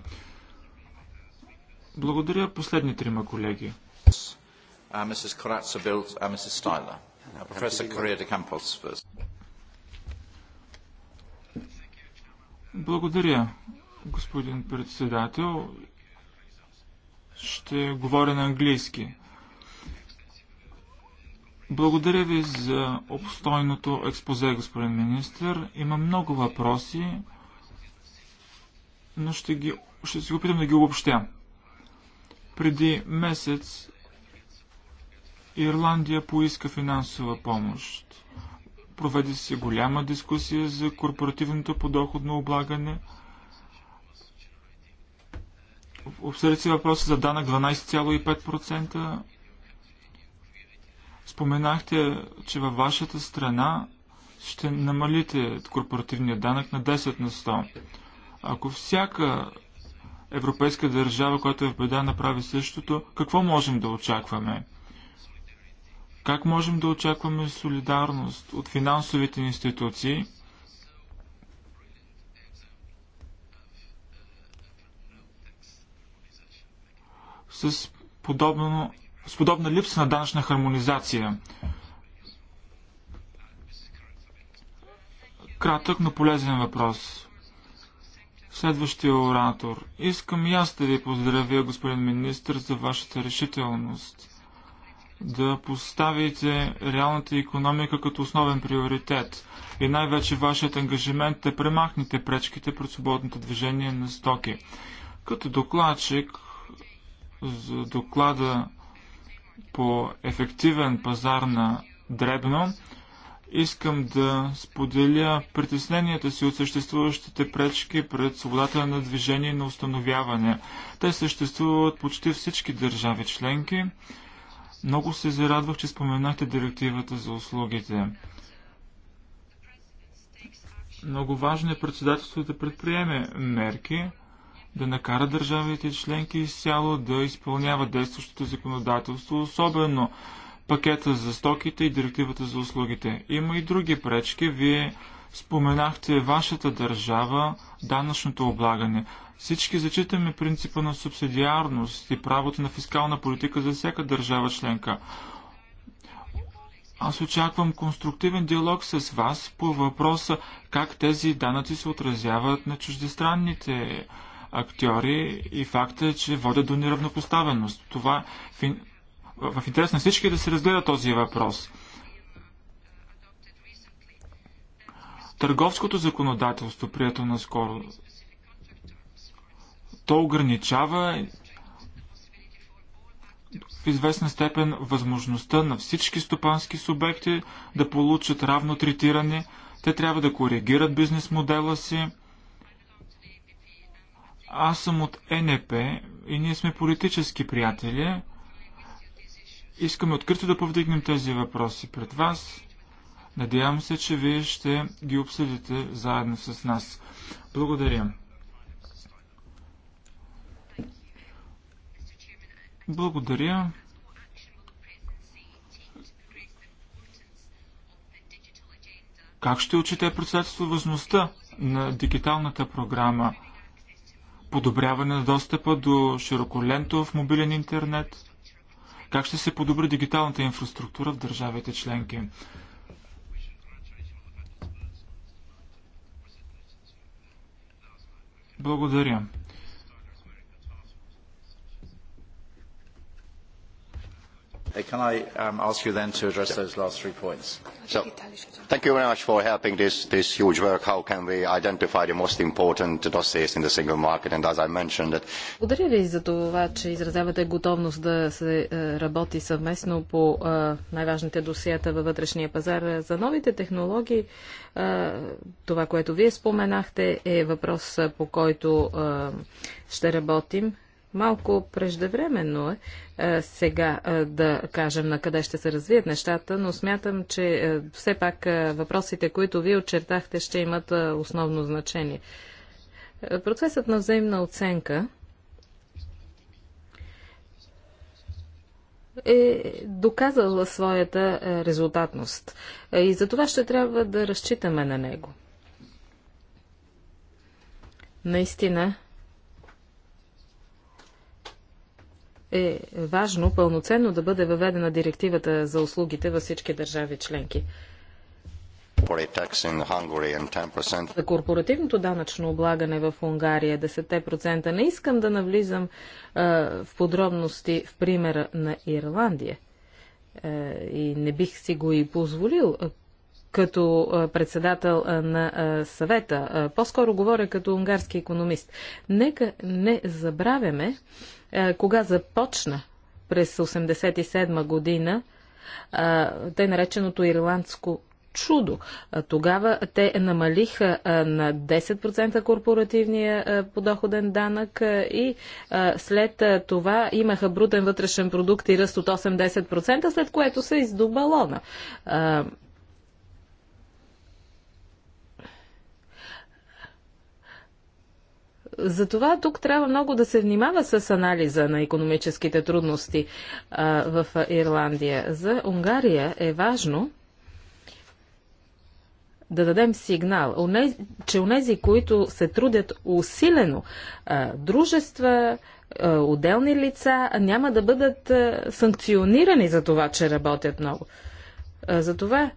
Благодаря последни трима колеги. Uh, Mrs. Corazza-Bilt uh, Mrs. Steiner, Uh, Professor Correa de Campos first. Благодаря, господин председател. Ще говоря на английски. Благодаря ви за обстойното експозе, господин министр. Има много въпроси, но ще, ги, ще се опитам да ги обобщя. Преди месец Ирландия поиска финансова помощ Проведе се голяма дискусия за корпоративното подоходно облагане. Обсъди се въпроса за данък 12,5%. Споменахте, че във вашата страна ще намалите корпоративния данък на 10 на 100. Ако всяка европейска държава, която е в беда, направи същото, какво можем да очакваме? Как можем да очакваме солидарност от финансовите институции, с, подобно, с подобна липса на данъчна хармонизация? Кратък, но полезен въпрос. Следващия оратор. Искам и аз да ви поздравя, господин министр, за вашата решителност – да поставите реалната економика като основен приоритет и най-вече вашият ангажимент да премахнете пречките пред свободното движение на стоки. Като докладчик за доклада по ефективен пазар на дребно, искам да споделя притесненията си от съществуващите пречки пред свободата на движение и на установяване. Те съществуват почти всички държави членки много се зарадвах, че споменахте директивата за услугите. Много важно е председателството да предприеме мерки, да накара държавите членки изцяло да изпълняват действащото законодателство, особено пакета за стоките и директивата за услугите. Има и други пречки. Вие споменахте вашата държава, данъчното облагане. Всички зачитаме принципа на субсидиарност и правото на фискална политика за всяка държава членка. Аз очаквам конструктивен диалог с вас по въпроса как тези данъци се отразяват на чуждестранните актьори и факта, че водят до неравнопоставеност. Това в интерес на всички е да се разгледа този въпрос. Търговското законодателство, прието наскоро, то ограничава в известна степен възможността на всички стопански субекти да получат равно третиране. Те трябва да коригират бизнес модела си. Аз съм от НП и ние сме политически приятели. Искаме открито да повдигнем тези въпроси пред вас. Надявам се, че вие ще ги обсъдите заедно с нас. Благодаря. Благодаря. Как ще отчете председателство възможността на дигиталната програма? Подобряване на достъпа до широколентов мобилен интернет? Как ще се подобри дигиталната инфраструктура в държавите членки? Благодаря. Can I ask you then to address those last three points? Thank you very much for helping this huge work. How can we identify the most important dossiers in the single market? And as I mentioned that... Благодаря ви за това, че изразявате готовност да се работи съвместно по най-важните досията във вътрешния пазар. За новите технологии, това, което вие споменахте, е въпрос по който ще работим Малко преждевременно е, е сега е, да кажем на къде ще се развият нещата, но смятам, че е, все пак въпросите, които вие очертахте, ще имат основно значение. Процесът на взаимна оценка е доказал своята резултатност. И за това ще трябва да разчитаме на него. Наистина, е важно пълноценно да бъде въведена директивата за услугите във всички държави членки. За корпоративното данъчно облагане в Унгария 10%. Не искам да навлизам а, в подробности в примера на Ирландия. А, е, и не бих си го и позволил, като председател на съвета. По-скоро говоря като унгарски економист. Нека не забравяме кога започна през 1987 година тъй нареченото ирландско чудо. Тогава те намалиха на 10% корпоративния подоходен данък и след това имаха брутен вътрешен продукт и ръст от 8-10%, след което се издобалона. Затова тук трябва много да се внимава с анализа на економическите трудности а, в Ирландия. За Унгария е важно да дадем сигнал, че унези, които се трудят усилено, а, дружества, а, отделни лица, няма да бъдат санкционирани за това, че работят много. Затова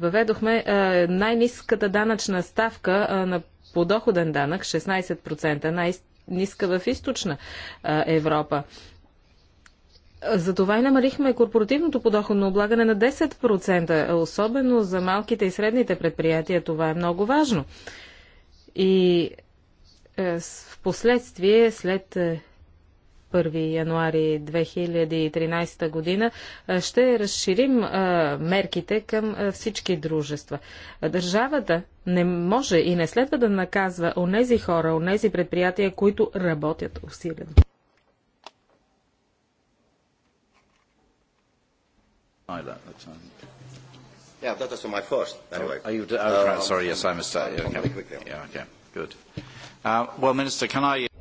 въведохме най-низката данъчна ставка на подоходен данък 16%, най-ниска в източна Европа. Затова и намалихме корпоративното подоходно облагане на 10%, особено за малките и средните предприятия. Това е много важно. И е, в последствие, след е, 1 януари 2013 година ще разширим мерките към всички дружества. Държавата не може и не следва да наказва онези хора, онези предприятия, които работят усилено.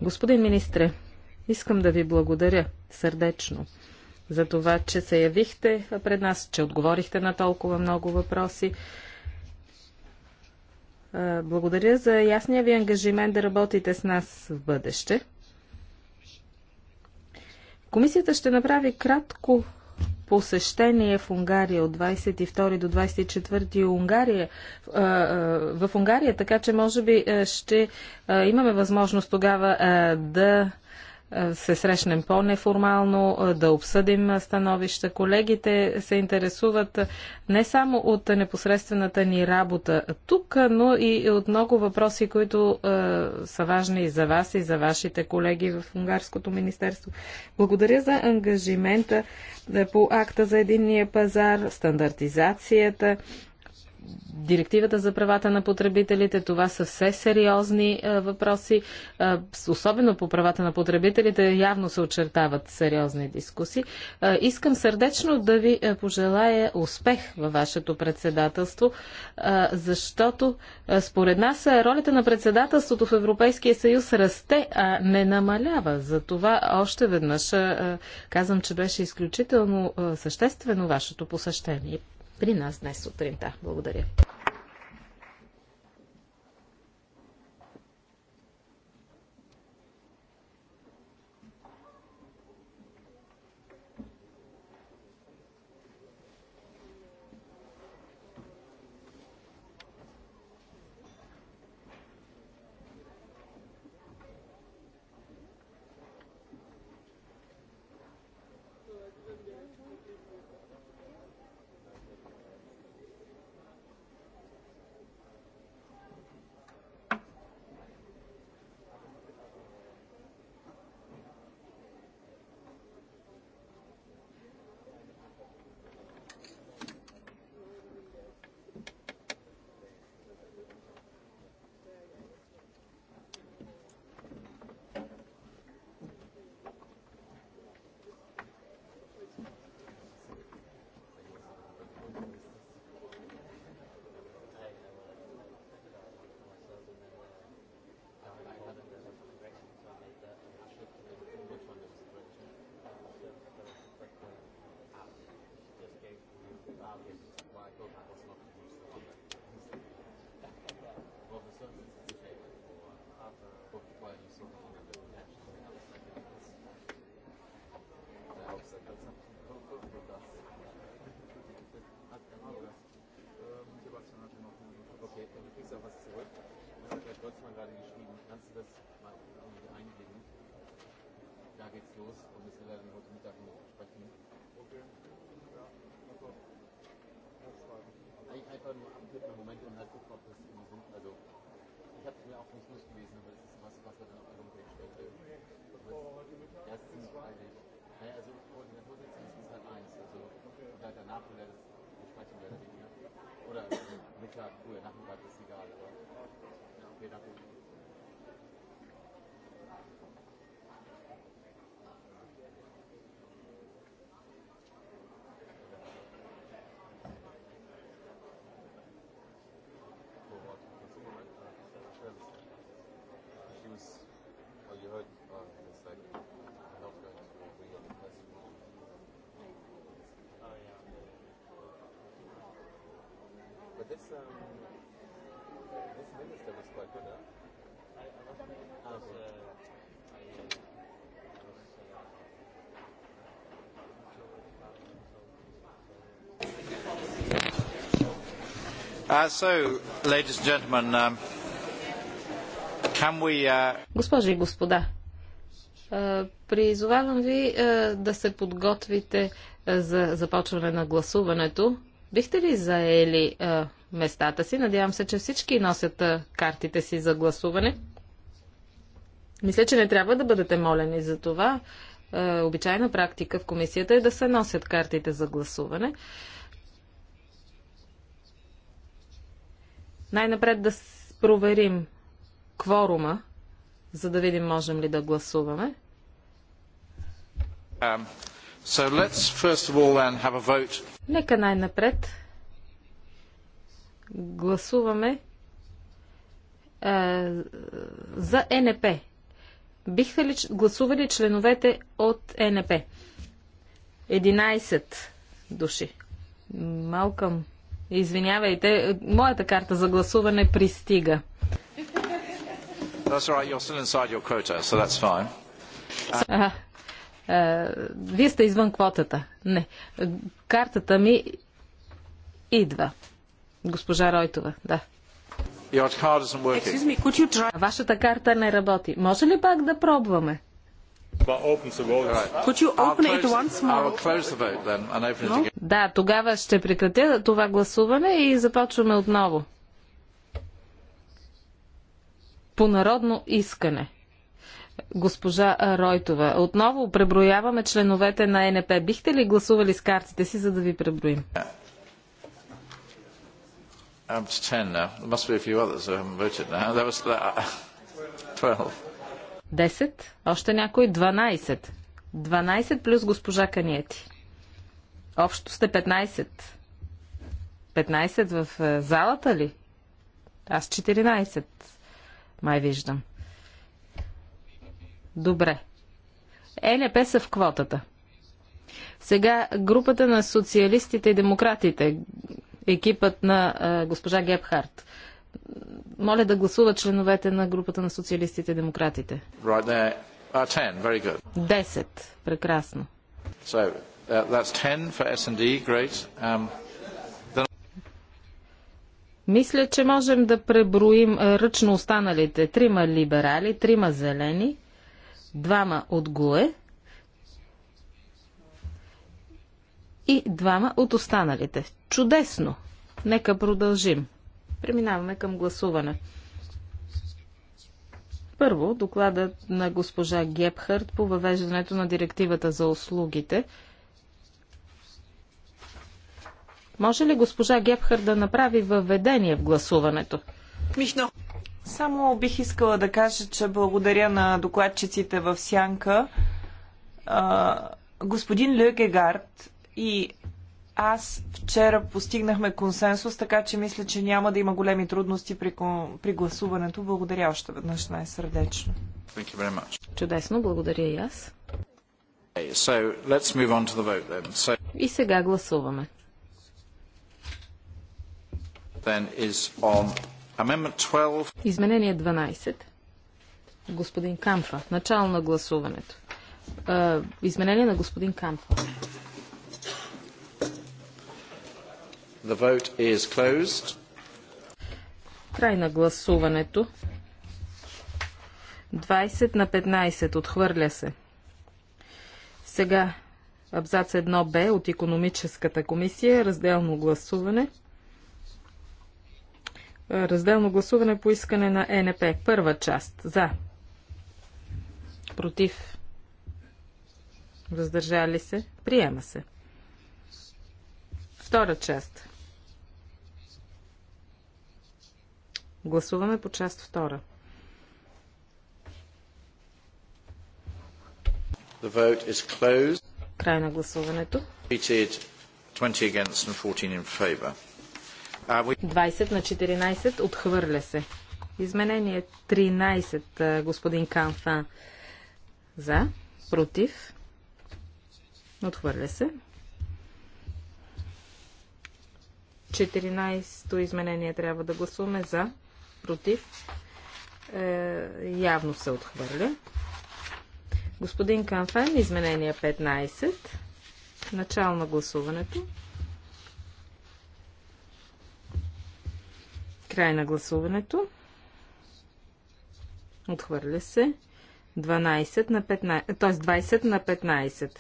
Господин министре, Искам да ви благодаря сърдечно за това, че се явихте пред нас, че отговорихте на толкова много въпроси. Благодаря за ясния ви ангажимент да работите с нас в бъдеще. Комисията ще направи кратко посещение в Унгария от 22 до 24 Унгария, в Унгария, така че може би ще имаме възможност тогава да е, се срещнем по-неформално, е, да обсъдим становища. Колегите се интересуват не само от непосредствената ни работа тук, но и от много въпроси, които е, са важни и за вас, и за вашите колеги в Унгарското министерство. Благодаря за ангажимента по акта за единния пазар, стандартизацията директивата за правата на потребителите. Това са все сериозни е, въпроси. Е, особено по правата на потребителите явно се очертават сериозни дискусии. Е, искам сърдечно да ви пожелая успех във вашето председателство, защото според нас ролята на председателството в Европейския съюз расте, а не намалява. Затова още веднъж казвам, че беше изключително съществено вашето посещение при нас днес сутринта. Благодаря. Mail und du kriegst auch was zurück. Und hat der Deutschmann gerade geschrieben, kannst du das mal irgendwie einlegen? Da geht's los und das will er dann heute Mittag noch sprechen. Okay. Ja, also, Eigentlich einfach nur abklippen Moment und halt gucken, ob das irgendwie sind. Also ich habe es mir auch nicht durchgelesen, gewesen, aber das ist was, was er dann auf der Homepage stellt. Nee, das war heute Ja, es ist ziemlich peinlich. Naja, also Koordinatorsitzung ist halt eins. Also, okay. und halt danach will er das besprechen, weil er weniger Oder Mittag, früher Nachmittag ist egal, aber später. Uh, um, uh, Госпожи и господа, призовавам ви да се подготвите за започване на гласуването. Бихте ли заели местата си? Надявам се, че всички носят картите си за гласуване. Мисля, че не трябва да бъдете молени за това. Обичайна практика в комисията е да се носят картите за гласуване. Най-напред да проверим кворума, за да видим можем ли да гласуваме. Um, so all, Нека най-напред гласуваме е, за НП. Бихте ли гласували членовете от НП? 11 души. Малкам Извинявайте, моята карта за гласуване пристига. Right. Quota, so that's fine. Е, вие сте извън квотата. Не. Картата ми идва. Госпожа Ройтова, да. Вашата карта не работи. Може ли пак да пробваме? Да, тогава ще прекратя това гласуване и започваме отново. По народно искане. Госпожа Ройтова, отново преброяваме членовете на НП. Бихте ли гласували с картите си, за да ви преброим? I'm 10 now. There must be a few others who haven't voted now. There was 12. Uh, 10. Още някой? 12. 12 плюс госпожа Каниети. Общо сте 15. 15 в е, залата ли? Аз 14. Май виждам. Добре. ЕНП са в квотата. Сега групата на социалистите и демократите, екипът на а, е, госпожа Гебхарт. Моля да гласуват членовете на групата на социалистите и демократите. Right uh, 10. Прекрасно. So, uh, um, then... Мисля, че можем да преброим uh, ръчно останалите. Трима либерали, трима зелени, двама от ГУЕ и двама от останалите. Чудесно! Нека продължим. Преминаваме към гласуване. Първо, докладът на госпожа Гепхард по въвеждането на директивата за услугите. Може ли госпожа Гепхард да направи въведение в гласуването? Мишно. Само бих искала да кажа, че благодаря на докладчиците в Сянка. А, господин Лъгегард и аз вчера постигнахме консенсус, така че мисля, че няма да има големи трудности при, при гласуването. Благодаря още веднъж най-сърдечно. Чудесно, благодаря и аз. Okay, so, let's move on to the vote, then. so... И сега гласуваме. Then is On... 12... Изменение 12. Господин Камфа. Начало на гласуването. Uh, Изменение на господин Камфа. The vote is closed. Край на гласуването. 20 на 15. Отхвърля се. Сега абзац 1б от економическата комисия. Разделно гласуване. Разделно гласуване по искане на ЕНП. Първа част. За. Против. Въздържали се. Приема се. Втора част. Гласуваме по част втора. The vote is closed. Край на гласуването. 20 against and 14 in favor. 20 uh, на 14 отхвърля се. Изменение 13, господин Канфа. За, против, отхвърля се. 14-то изменение трябва да гласуваме за, против, е, явно се отхвърля. Господин Канфен, изменение 15, начало на гласуването. Край на гласуването. Отхвърля се. 12 на 15, т.е. 20 на 15.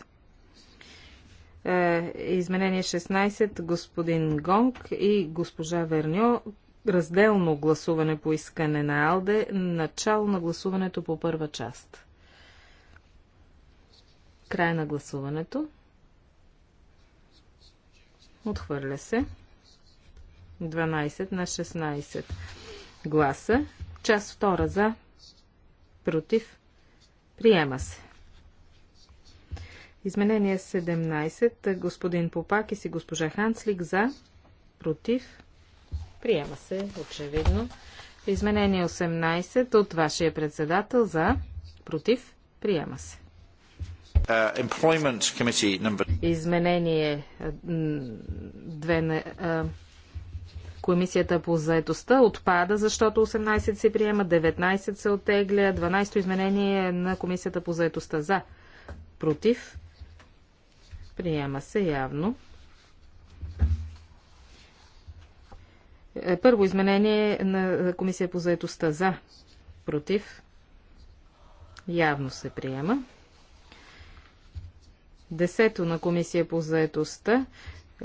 Е, изменение 16, господин Гонг и госпожа Верньо, разделно гласуване по искане на АЛДЕ, начало на гласуването по първа част. Край на гласуването. Отхвърля се. 12 на 16 гласа. Част втора за. Против. Приема се. Изменение 17. Господин Попакис и госпожа Ханцлик за. Против. Приема се, очевидно. Изменение 18 от вашия председател за против. Приема се. Uh, изменение 2 на Комисията по заедостта отпада, защото 18 се приема, 19 се оттегля, 12 изменение на Комисията по заедостта за. Против. Приема се явно. Е, първо изменение на Комисия по заедостта за, против, явно се приема. Десето на Комисия по заедостта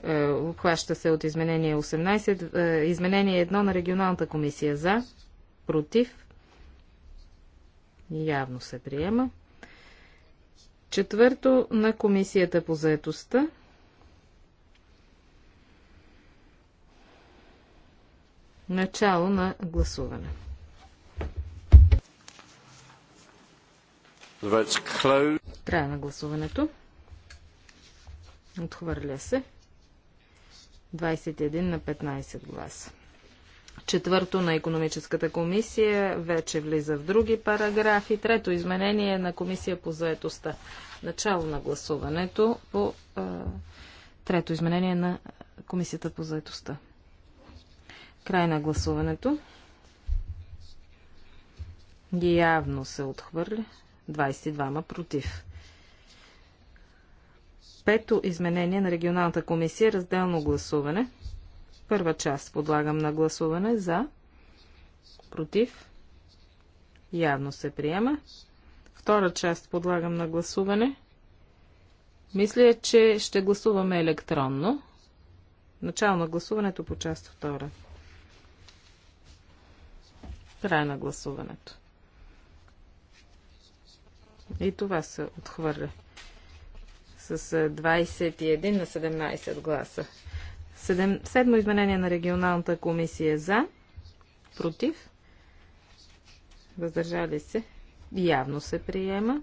е, обхваща се от изменение 18, е, изменение 1 на регионалната комисия за, против, явно се приема. Четвърто на комисията по заетостта Начало на гласуване. Края на гласуването. Отхвърля се. 21 на 15 гласа. Четвърто на економическата комисия вече влиза в други параграфи. Трето изменение на комисия по заетостта. Начало на гласуването по а, трето изменение на комисията по заетостта. Край на гласуването. Явно се отхвърли. 22 против. Пето изменение на регионалната комисия. Разделно гласуване. Първа част подлагам на гласуване за. Против. Явно се приема. Втора част подлагам на гласуване. Мисля, че ще гласуваме електронно. Начало на гласуването по част втора края на гласуването. И това се отхвърля. С 21 е, на 17 гласа. Седем... Седмо изменение на регионалната комисия за, против, въздържали се, явно се приема.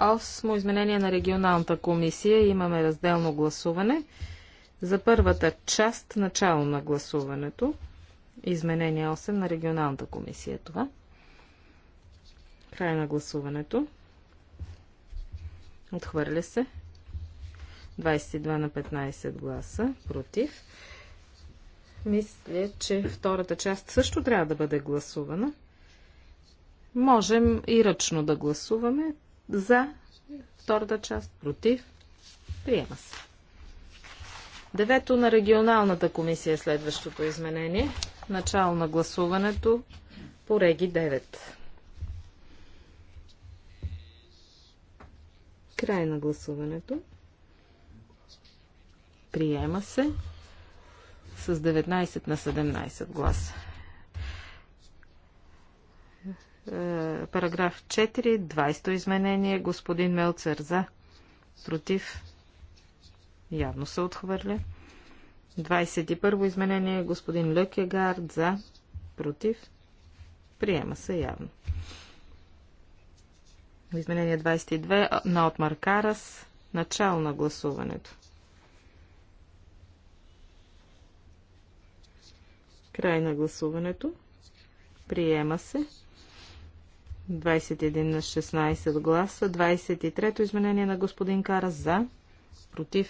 Осмо изменение на регионалната комисия. Имаме разделно гласуване. За първата част, начало на гласуването. Изменение 8 на регионалната комисия е това. Край на гласуването. Отхвърля се. 22 на 15 гласа против. Мисля, че втората част също трябва да бъде гласувана. Можем и ръчно да гласуваме за втората част, против. Приема се. Девето на регионалната комисия е следващото изменение. Начало на гласуването по Реги 9. Край на гласуването. Приема се с 19 на 17 гласа. Е, параграф 4, 20 изменение. Господин Мелцер за. Против. Явно се отхвърля. 21 изменение господин Лекегард за, против, приема се явно. Изменение 22 на Отмар Карас, начало на гласуването. Край на гласуването. Приема се. 21 на 16 гласа. 23-то изменение на господин Карас за, против,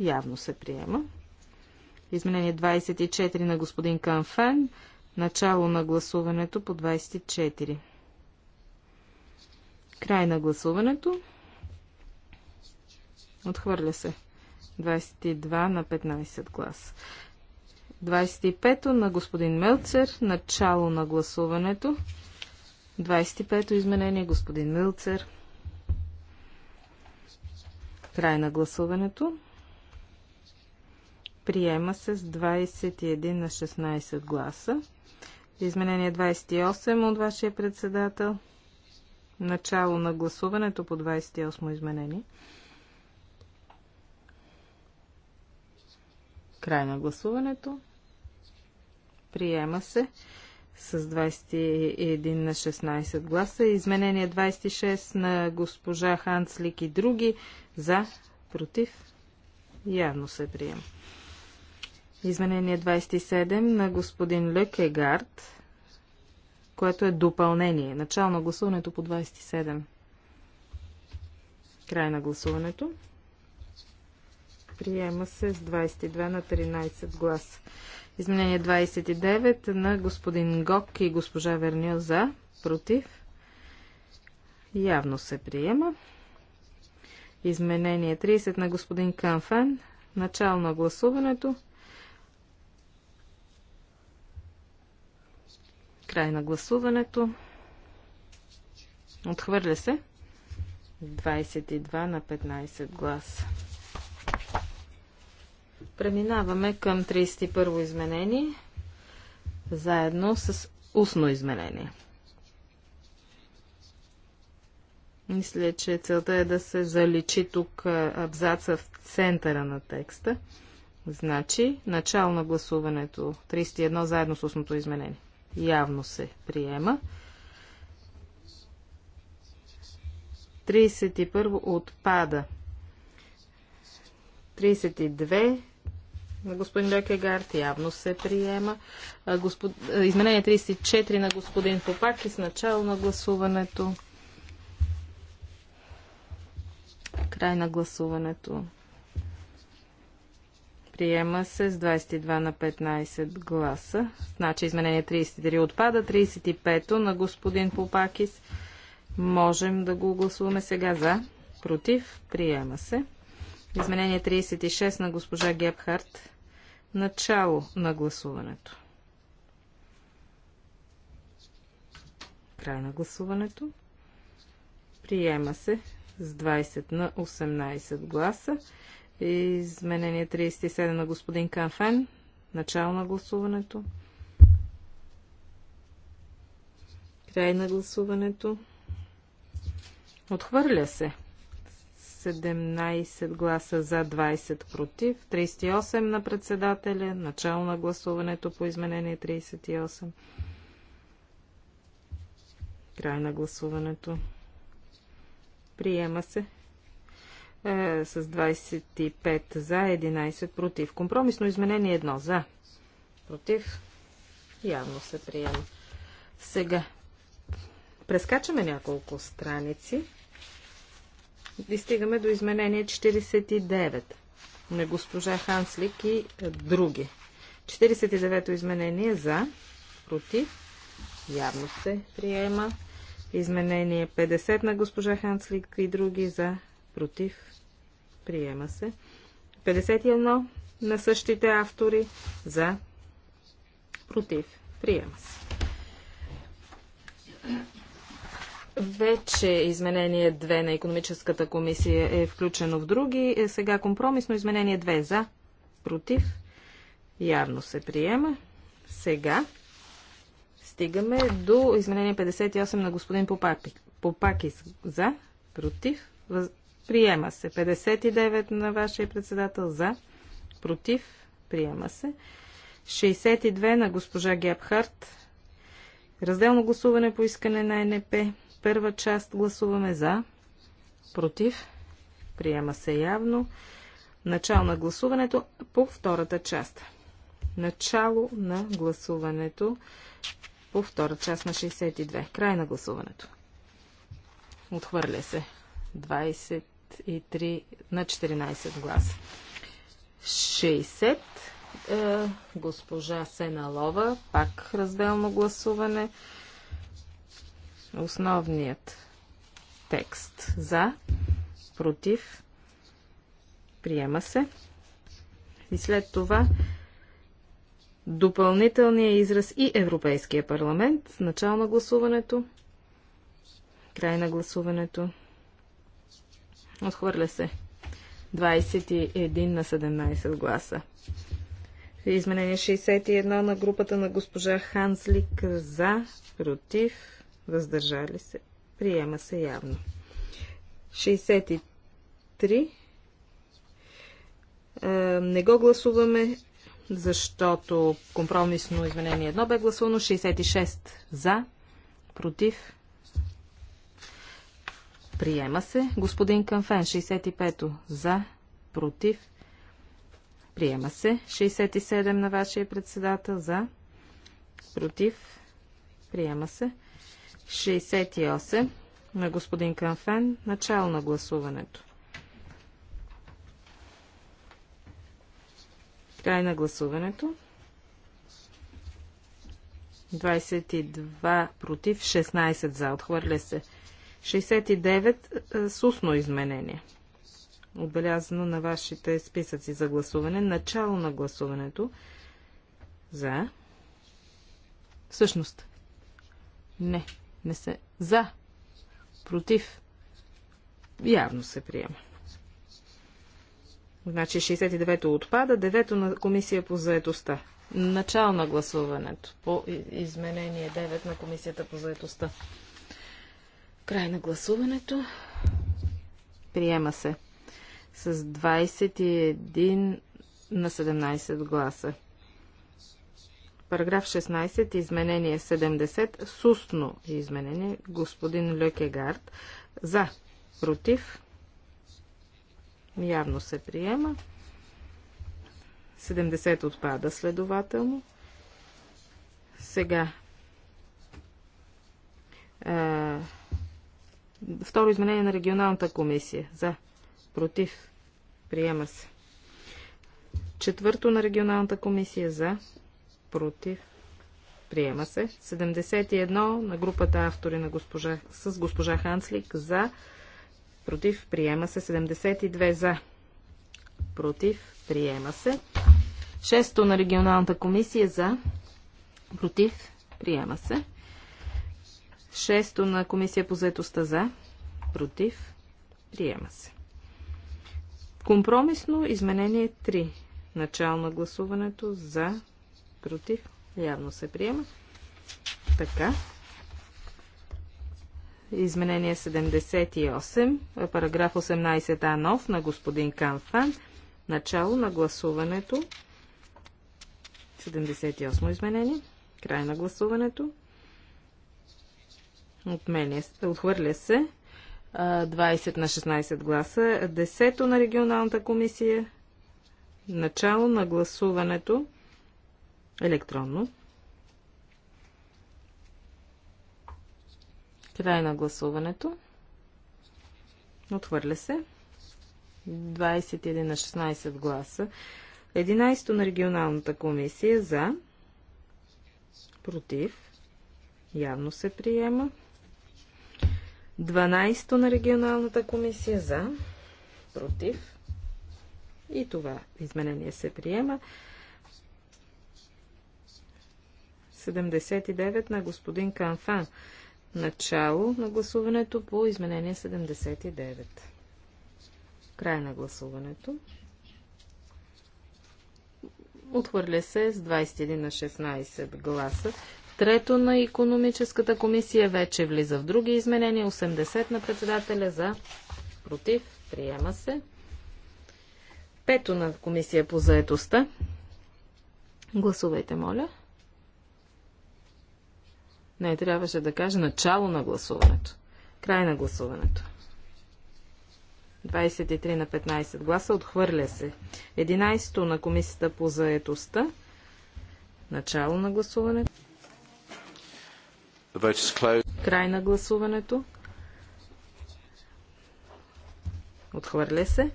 Явно се приема. Изменение 24 на господин Канфен. Начало на гласуването по 24. Край на гласуването. Отхвърля се. 22 на 15 глас. 25 на господин Мелцер. Начало на гласуването. 25-то изменение господин Милцер. Край на гласуването. Приема се с 21 на 16 гласа. Изменение 28 от вашия председател. Начало на гласуването по 28 изменение. Край на гласуването. Приема се с 21 на 16 гласа. Изменение 26 на госпожа Ханцлик и други за, против. Явно се приема. Изменение 27 на господин Лекегард, което е допълнение. Начало на гласуването по 27. Край на гласуването. Приема се с 22 на 13 глас. Изменение 29 на господин Гок и госпожа Верньо за, против. Явно се приема. Изменение 30 на господин Канфен. Начало на гласуването. Край на гласуването. Отхвърля се. 22 на 15 гласа. Преминаваме към 31 изменение, заедно с устно изменение. Мисля, че целта е да се заличи тук абзаца в центъра на текста. Значи, начало на гласуването 31 заедно с устното изменение. Явно се приема. 31 отпада. 32 на господин Лекегард явно се приема. Господ... Изменение 34 на господин Попак и с начало на гласуването. Край на гласуването. Приема се с 22 на 15 гласа. Значи изменение 33 отпада. 35-то на господин Попакис. Можем да го гласуваме сега за. Против. Приема се. Изменение 36 на госпожа Гебхарт. Начало на гласуването. Край на гласуването. Приема се с 20 на 18 гласа. Изменение 37 на господин Канфен. Начало на гласуването. Край на гласуването. Отхвърля се. 17 гласа за, 20 против, 38 на председателя, начало на гласуването по изменение 38. Край на гласуването. Приема се е, с 25 за, 11 против. Компромисно изменение 1 за, против. Явно се приема. Сега прескачаме няколко страници и стигаме до изменение 49 на госпожа Ханслик и е, други. 49-то изменение за, против, явно се приема. Изменение 50 на госпожа Ханслик и други за, против, приема се. 51 на същите автори, за, против, приема се. Вече изменение 2 на економическата комисия е включено в други. Е сега компромисно изменение 2 за, против, явно се приема. Сега стигаме до изменение 58 на господин Попакис. за, против, въз... Приема се. 59 на вашия председател за. Против. Приема се. 62 на госпожа Гебхарт. Разделно гласуване по искане на НП. Първа част гласуваме за. Против. Приема се явно. Начало на гласуването по втората част. Начало на гласуването по втора част на 62. Край на гласуването. Отхвърля се. 20 23 на 14 гласа. 60. Е, госпожа Сеналова, пак разделно гласуване. Основният текст за, против, приема се. И след това допълнителният израз и Европейския парламент. Начало на гласуването, край на гласуването. Отхвърля се. 21 на 17 гласа. Изменение 61 на групата на госпожа Ханслик за, против, въздържали се. Приема се явно. 63. Е, не го гласуваме, защото компромисно изменение 1 бе гласувано. 66 за, против, Приема се. Господин Канфен, 65-то. За. Против. Приема се. 67 на вашия председател. За. Против. Приема се. 68 на господин Канфен. Начало на гласуването. Край на гласуването. 22 против, 16 за. Отхвърля се. 69 е, с устно изменение. Отбелязано на вашите списъци за гласуване. Начало на гласуването. За. Всъщност. Не. Не се. За. Против. Явно се приема. Значи 69-то отпада, 9-то на комисия по заедостта. Начало на гласуването по изменение 9 на комисията по заедостта. Край на гласуването. Приема се с 21 на 17 гласа. Параграф 16, изменение 70, сусно изменение, господин Лекегард. За, против, явно се приема. 70 отпада следователно. Сега. е, Второ изменение на регионалната комисия. За. Против. Приема се. Четвърто на регионалната комисия. За. Против. Приема се. 71 на групата автори на госпожа, с госпожа Ханслик. За. Против. Приема се. 72 за. Против. Приема се. Шесто на регионалната комисия. За. Против. Приема се. Шесто на комисия по заетостта за. Против. Приема се. Компромисно изменение 3. Начало на гласуването за. Против. Явно се приема. Така. Изменение 78, параграф 18а нов на господин Канфан. Начало на гласуването. 78 изменение. Край на гласуването. Отменя, отхвърля се. 20 на 16 гласа. Десето на регионалната комисия. Начало на гласуването. Електронно. Край на гласуването. Отхвърля се. 21 на 16 гласа. 11 на регионалната комисия за. Против. Явно се приема. 12 на регионалната комисия за, против. И това изменение се приема. 79 на господин Канфан. Начало на гласуването по изменение 79. Край на гласуването. Отхвърля се с 21 на 16 гласа. Трето на економическата комисия вече влиза в други изменения. 80 на председателя за против. Приема се. Пето на комисия по заедостта. Гласувайте, моля. Не, трябваше да кажа начало на гласуването. Край на гласуването. 23 на 15 гласа отхвърля се. 11 на комисията по заедостта. Начало на гласуването. Край на гласуването. Отхвърля се.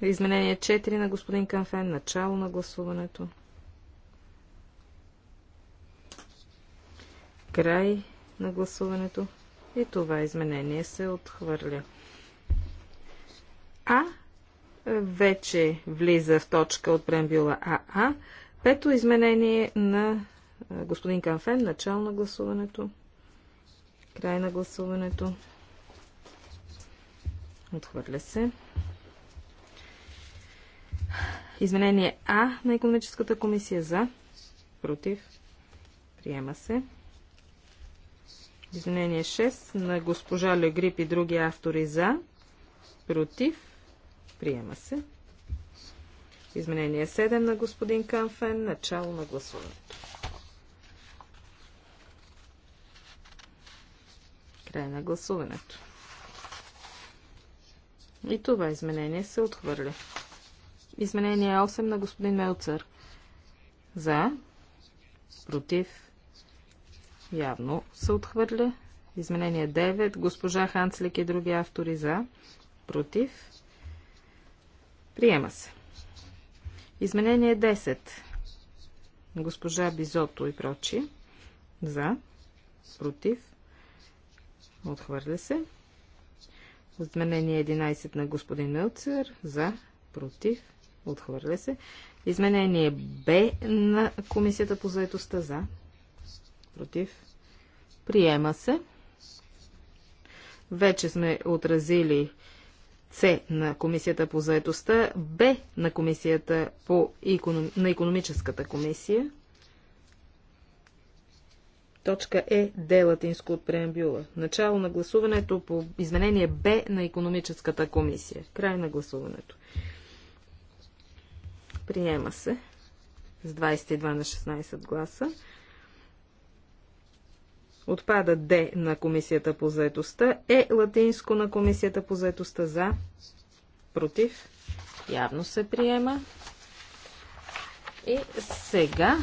Изменение 4 на господин Канфен. Начало на гласуването. Край на гласуването. И това изменение се отхвърля. А вече влиза в точка от прембюла АА. Пето изменение на Господин Канфен, начало на гласуването. Край на гласуването. Отхвърля се. Изменение А на економическата комисия за. Против. Приема се. Изменение 6 на госпожа Легрип и други автори за. Против. Приема се. Изменение 7 на господин Канфен. Начало на гласуването. Край на гласуването. И това изменение се отхвърля. Изменение 8 на господин Мелцър. За. Против. Явно се отхвърля. Изменение 9. Госпожа Ханцлик и други автори за. Против. Приема се. Изменение 10. Госпожа Бизото и прочи. За. Против. Отхвърля се. Изменение 11 на господин Мелцер. За. Против. Отхвърля се. Изменение Б на Комисията по заедостта. За. Против. Приема се. Вече сме отразили С на Комисията по заедостта, Б на Комисията по, на економическата комисия. Точка Е, Д латинско от преамбюла. Начало на гласуването по изменение Б на економическата комисия. Край на гласуването. Приема се с 22 на 16 гласа. Отпада Д на комисията по заедостта. Е латинско на комисията по заедостта за. Против. Явно се приема. И сега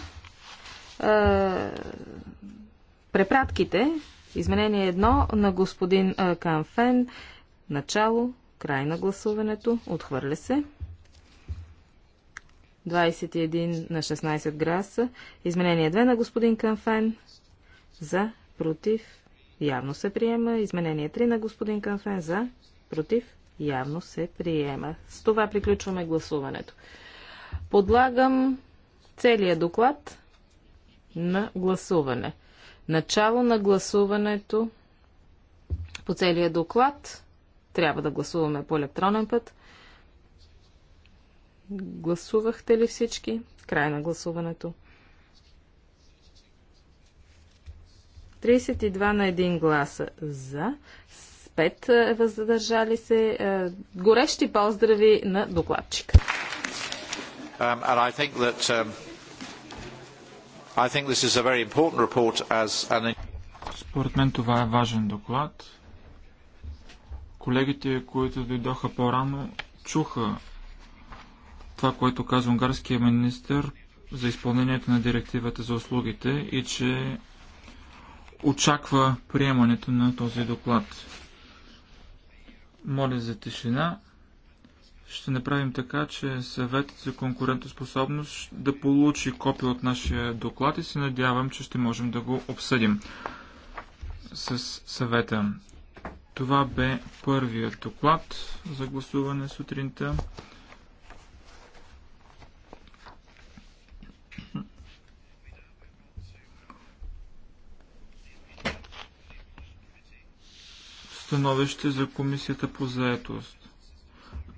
а, Препратките, изменение едно на господин Канфен, начало, край на гласуването, отхвърля се. 21 на 16 граса. Изменение 2 на господин Канфен. За, против, явно се приема. Изменение 3 на господин Канфен. За, против, явно се приема. С това приключваме гласуването. Подлагам целият доклад на гласуване. Начало на гласуването по целия доклад. Трябва да гласуваме по електронен път. Гласувахте ли всички? Край на гласуването. 32 на 1 гласа за, 5 е, въздържали се. Е, горещи поздрави на докладчика. Um, um според мен това е важен доклад. Колегите, които дойдоха по-рано, чуха това, което казва унгарския министр за изпълнението на директивата за услугите и че очаква приемането на този доклад. Моля за тишина ще направим така, че съветът за конкурентоспособност да получи копия от нашия доклад и се надявам, че ще можем да го обсъдим с съвета. Това бе първият доклад за гласуване сутринта. Становище за комисията по заетост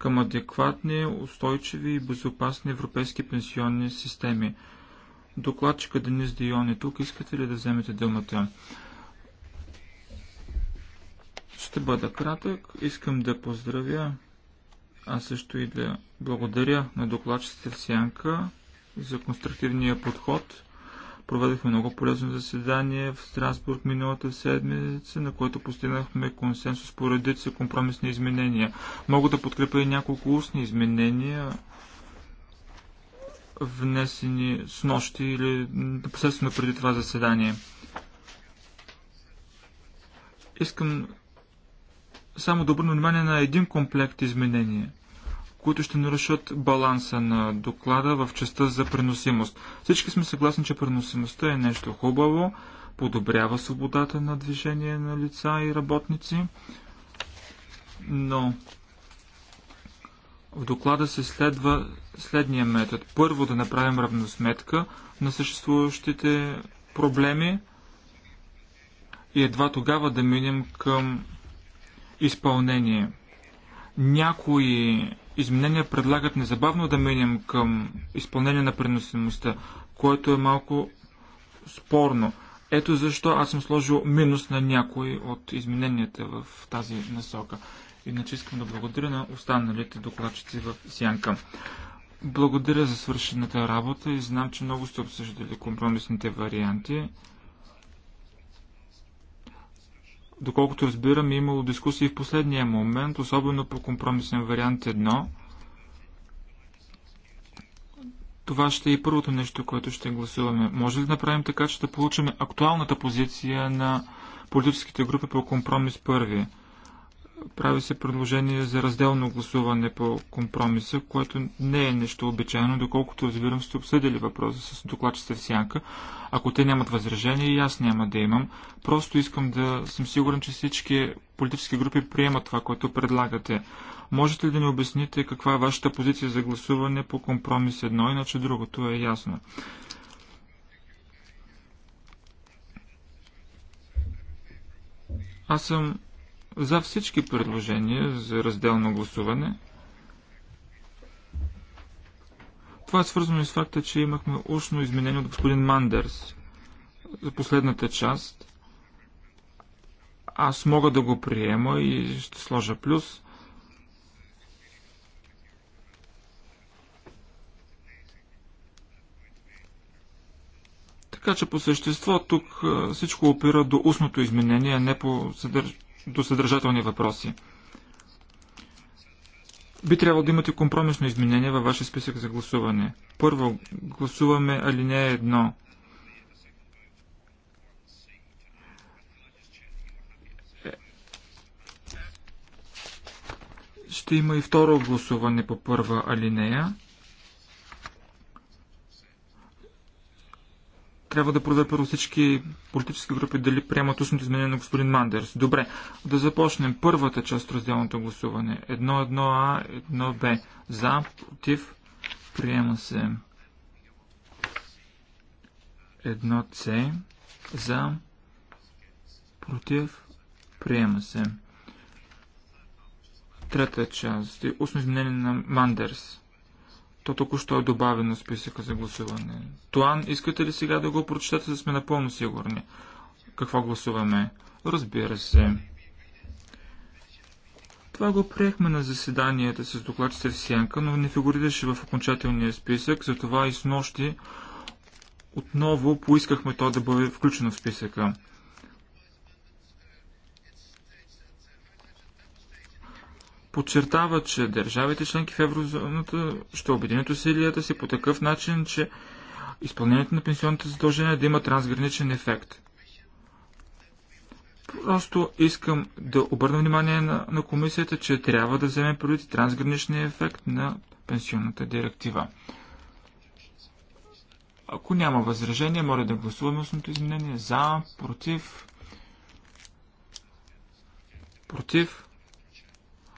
към адекватни, устойчиви и безопасни европейски пенсионни системи. Докладчика Денис Дион е тук. Искате ли да вземете думата? Ще бъда кратък. Искам да поздравя, а също и да благодаря на докладчиците в Сянка за конструктивния подход Проведохме много полезно заседание в Страсбург миналата седмица, на което постигнахме консенсус по редица компромисни изменения. Мога да подкрепя и няколко устни изменения, внесени с нощи или непосредствено преди това заседание. Искам само да обърна внимание на един комплект изменения – които ще нарушат баланса на доклада в частта за преносимост. Всички сме съгласни, че преносимостта е нещо хубаво, подобрява свободата на движение на лица и работници, но в доклада се следва следния метод. Първо да направим равносметка на съществуващите проблеми и едва тогава да минем към изпълнение. Някои изменения предлагат незабавно да минем към изпълнение на преносимостта, което е малко спорно. Ето защо аз съм сложил минус на някои от измененията в тази насока. Иначе искам да благодаря на останалите докладчици в Сянка. Благодаря за свършената работа и знам, че много сте обсъждали компромисните варианти. Доколкото разбирам, е имало дискусии в последния момент, особено по компромисен вариант 1. Това ще е и първото нещо, което ще гласуваме. Може ли да направим така, че да получим актуалната позиция на политическите групи по компромис първи? Прави се предложение за разделно гласуване по компромиса, което не е нещо обичайно, доколкото разбирам сте обсъдили въпроса с докладчите в сянка. Ако те нямат възражение, и аз няма да имам. Просто искам да съм сигурен, че всички политически групи приемат това, което предлагате. Можете ли да ни обясните каква е вашата позиция за гласуване по компромис едно, иначе другото е ясно. Аз съм за всички предложения за разделно гласуване. Това е свързано и с факта, че имахме устно изменение от господин Мандерс за последната част. Аз мога да го приема и ще сложа плюс. Така че по същество тук всичко опира до устното изменение, а не по съдържанието до съдържателни въпроси. Би трябвало да имате компромисно изменение във вашия списък за гласуване. Първо, гласуваме алинея 1. Ще има и второ гласуване по първа алинея. трябва да проверя първо всички политически групи дали приемат устното изменение на господин Мандерс. Добре, да започнем първата част от разделното гласуване. 1-1А, 1Б. За, против, приема се. 1С. За, против, приема се. Трета част. Устно изменение на Мандерс. То току-що е добавено в списъка за гласуване. Туан, искате ли сега да го прочетете, за да сме напълно сигурни? Какво гласуваме? Разбира се. Това го приехме на заседанията с докладчите в Сянка, но не фигурираше в окончателния списък, затова и с нощи отново поискахме то да бъде включено в списъка. подчертава, че държавите членки в еврозоната ще обединят усилията си по такъв начин, че изпълнението на пенсионните задължения да има трансграничен ефект. Просто искам да обърна внимание на, на комисията, че трябва да вземе предвид трансграничния ефект на пенсионната директива. Ако няма възражение, моля да гласуваме основното изменение за, против, против,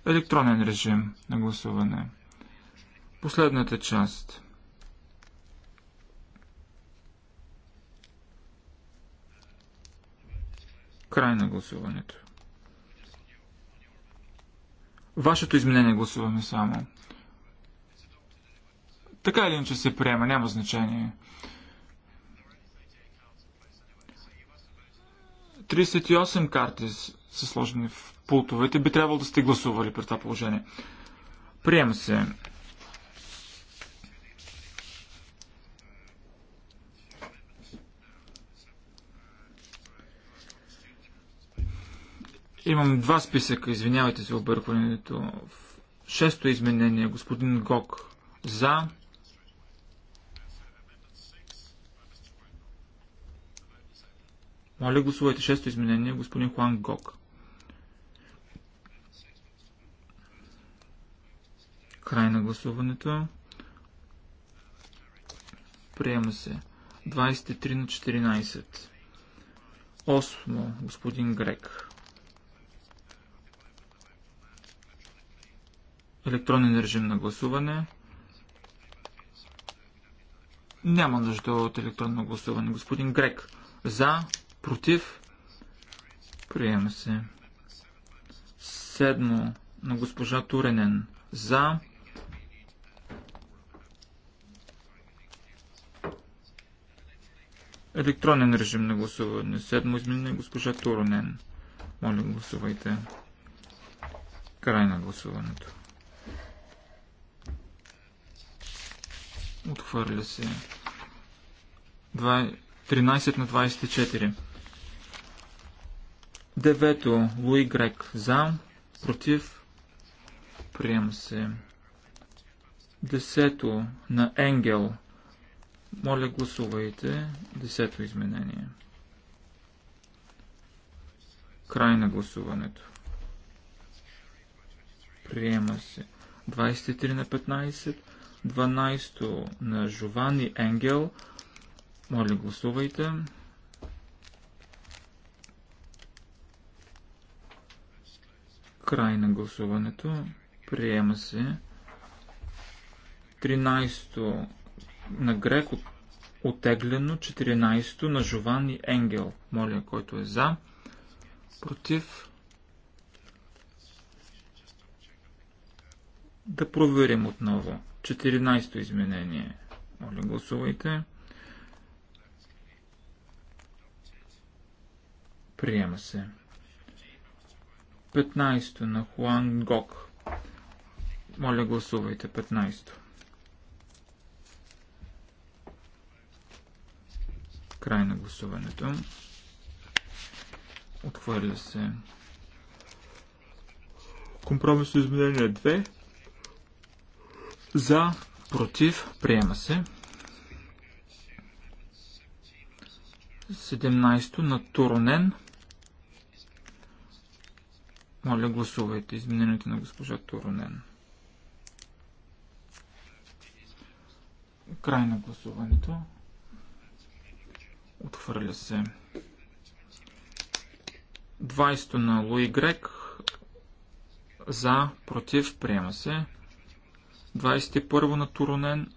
електронен режим на гласуване. Последната част. Край на гласуването. Вашето изменение гласуваме само. Така или иначе се приема, няма значение. 38 карти са сложени в пултовете. Би трябвало да сте гласували при това положение. Приема се. Имам два списъка, извинявайте за объркването. В шесто изменение, господин Гок. За. Моля, гласувайте шесто изменение, господин Хуан Гок. Край на гласуването. Приема се. 23 на 14. Осмо, господин Грек. Електронен режим на гласуване. Няма нужда от електронно гласуване. Господин Грек. За. Против. Приема се. Седмо на госпожа Туренен. За. Електронен режим на гласуване. Седмо изменение госпожа Туренен. Моля, гласувайте. Край на гласуването. Отхвърля се. 13 на 24. Девето. Луи Грек. За. Против. Приема се. Десето. На Енгел. Моля, гласувайте. Десето изменение. Край на гласуването. Приема се. 23 на 15. 12 на Жовани Енгел. Моля, гласувайте. Край на гласуването. Приема се. 13-то на Грек отеглено. 14-то на Жован и Енгел. Моля, който е за. Против. Да проверим отново. 14-то изменение. Моля, гласувайте. Приема се. 15 на Хуан Гок. Моля, гласувайте 15. Край на гласуването. Отхвърля се. Компромисно изменение 2. За, против, приема се. 17 на Туронен. Моля, гласувайте изменението на госпожа Туронен. Край на гласуването. Отхвърля се. 20 на Луи Грек. За, против, приема се. 21 на Туронен.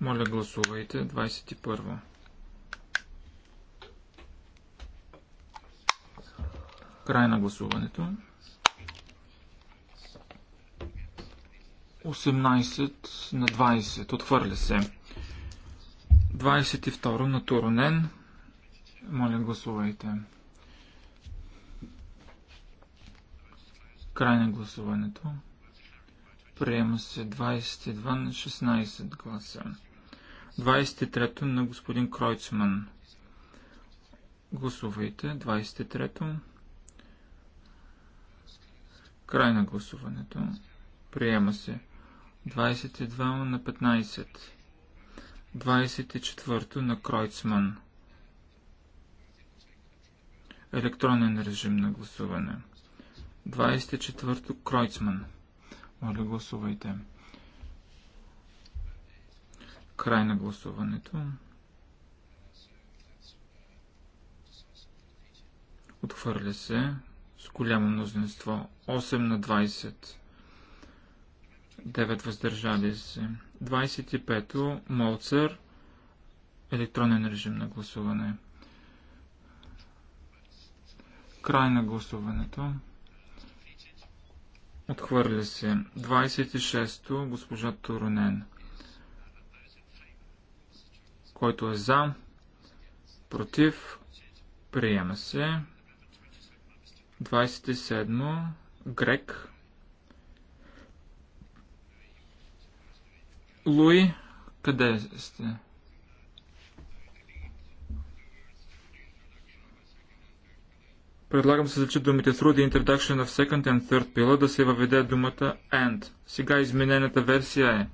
Моля, гласувайте. 21. Край на гласуването. 18 на 20. Отхвърля се. 22 на Туронен. Моля, гласувайте. Край на гласуването. Приема се 22 на 16 гласа. 23 на господин Кройцман. Гласувайте. 23 то Край на гласуването. Приема се 22 на 15. 24 на Кройцман. Електронен режим на гласуване. 24 Кройцман. Моля, гласувайте. Край на гласуването. Отхвърля се с голямо мнозинство. 8 на 20. 9 въздържали се. 25-то Молцер. Електронен режим на гласуване. Край на гласуването. Отхвърля се. 26-то госпожа Торонен. Който е за, против, приема се. 27-мо Грек Луи, къде сте? Предлагам се зачи думите through the introduction of second and third pillar да се въведе думата and. Сега изменената версия е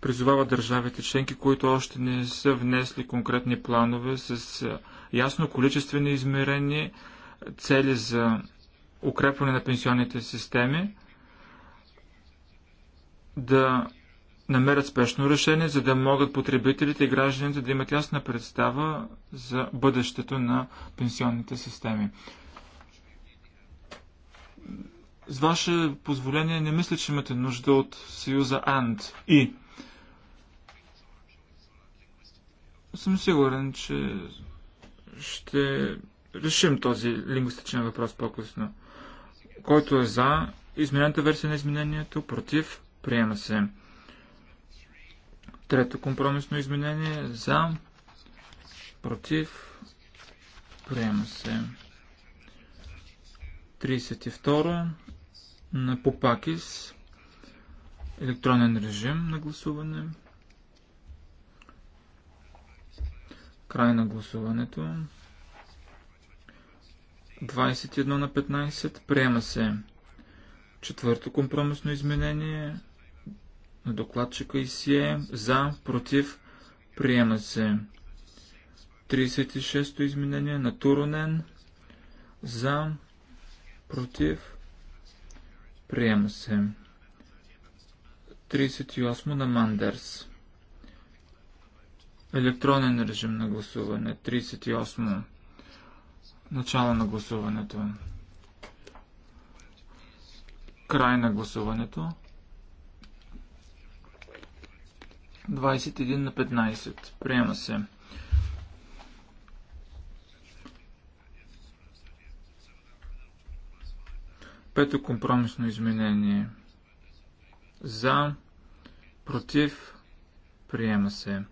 призовава държавите членки, които още не са внесли конкретни планове с ясно количествени измерени цели за укрепване на пенсионните системи, да намерят спешно решение, за да могат потребителите и гражданите да имат ясна представа за бъдещето на пенсионните системи. С ваше позволение не мисля, че имате нужда от съюза анд и. Съм сигурен, че ще решим този лингвистичен въпрос по-късно. Който е за изменената версия на изменението, против, приема се. Трето компромисно изменение за, против, приема се. 32 на Попакис, електронен режим на гласуване. Край на гласуването. 21 на 15. Приема се. Четвърто компромисно изменение на докладчика и си е за, против, приема се. 36-то изменение на Туронен за, против, приема се. 38 на Мандерс. Електронен режим на гласуване. 38. Начало на гласуването. Край на гласуването. 21 на 15. Приема се. Пето компромисно изменение. За, против, приема се.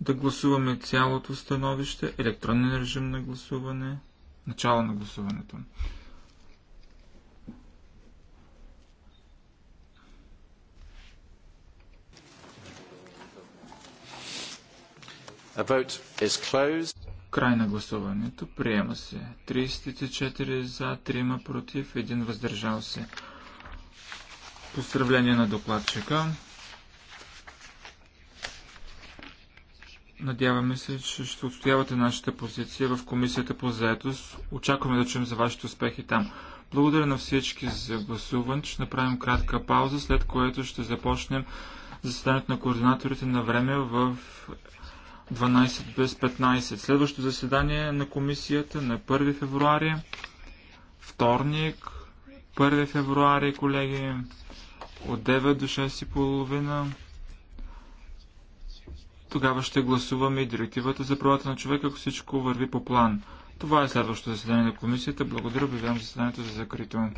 Да гласуваме цялото становище, електронен режим на гласуване, начало на гласуването. Край на гласуването. Приема се. 34 за, 3 против, 1 въздържал се. Поздравление на докладчика. Надяваме се, че ще отстоявате нашата позиция в Комисията по заедост. Очакваме да чуем за вашите успехи там. Благодаря на всички за гласуване. Ще направим кратка пауза, след което ще започнем заседанието на координаторите на време в 12 без 15. Следващото заседание на комисията на 1 февруари, вторник, 1 февруари, колеги, от 9 до половина. Тогава ще гласуваме и директивата за правата на човека, ако всичко върви по план. Това е следващото заседание на комисията. Благодаря, обявявам заседанието за закрито.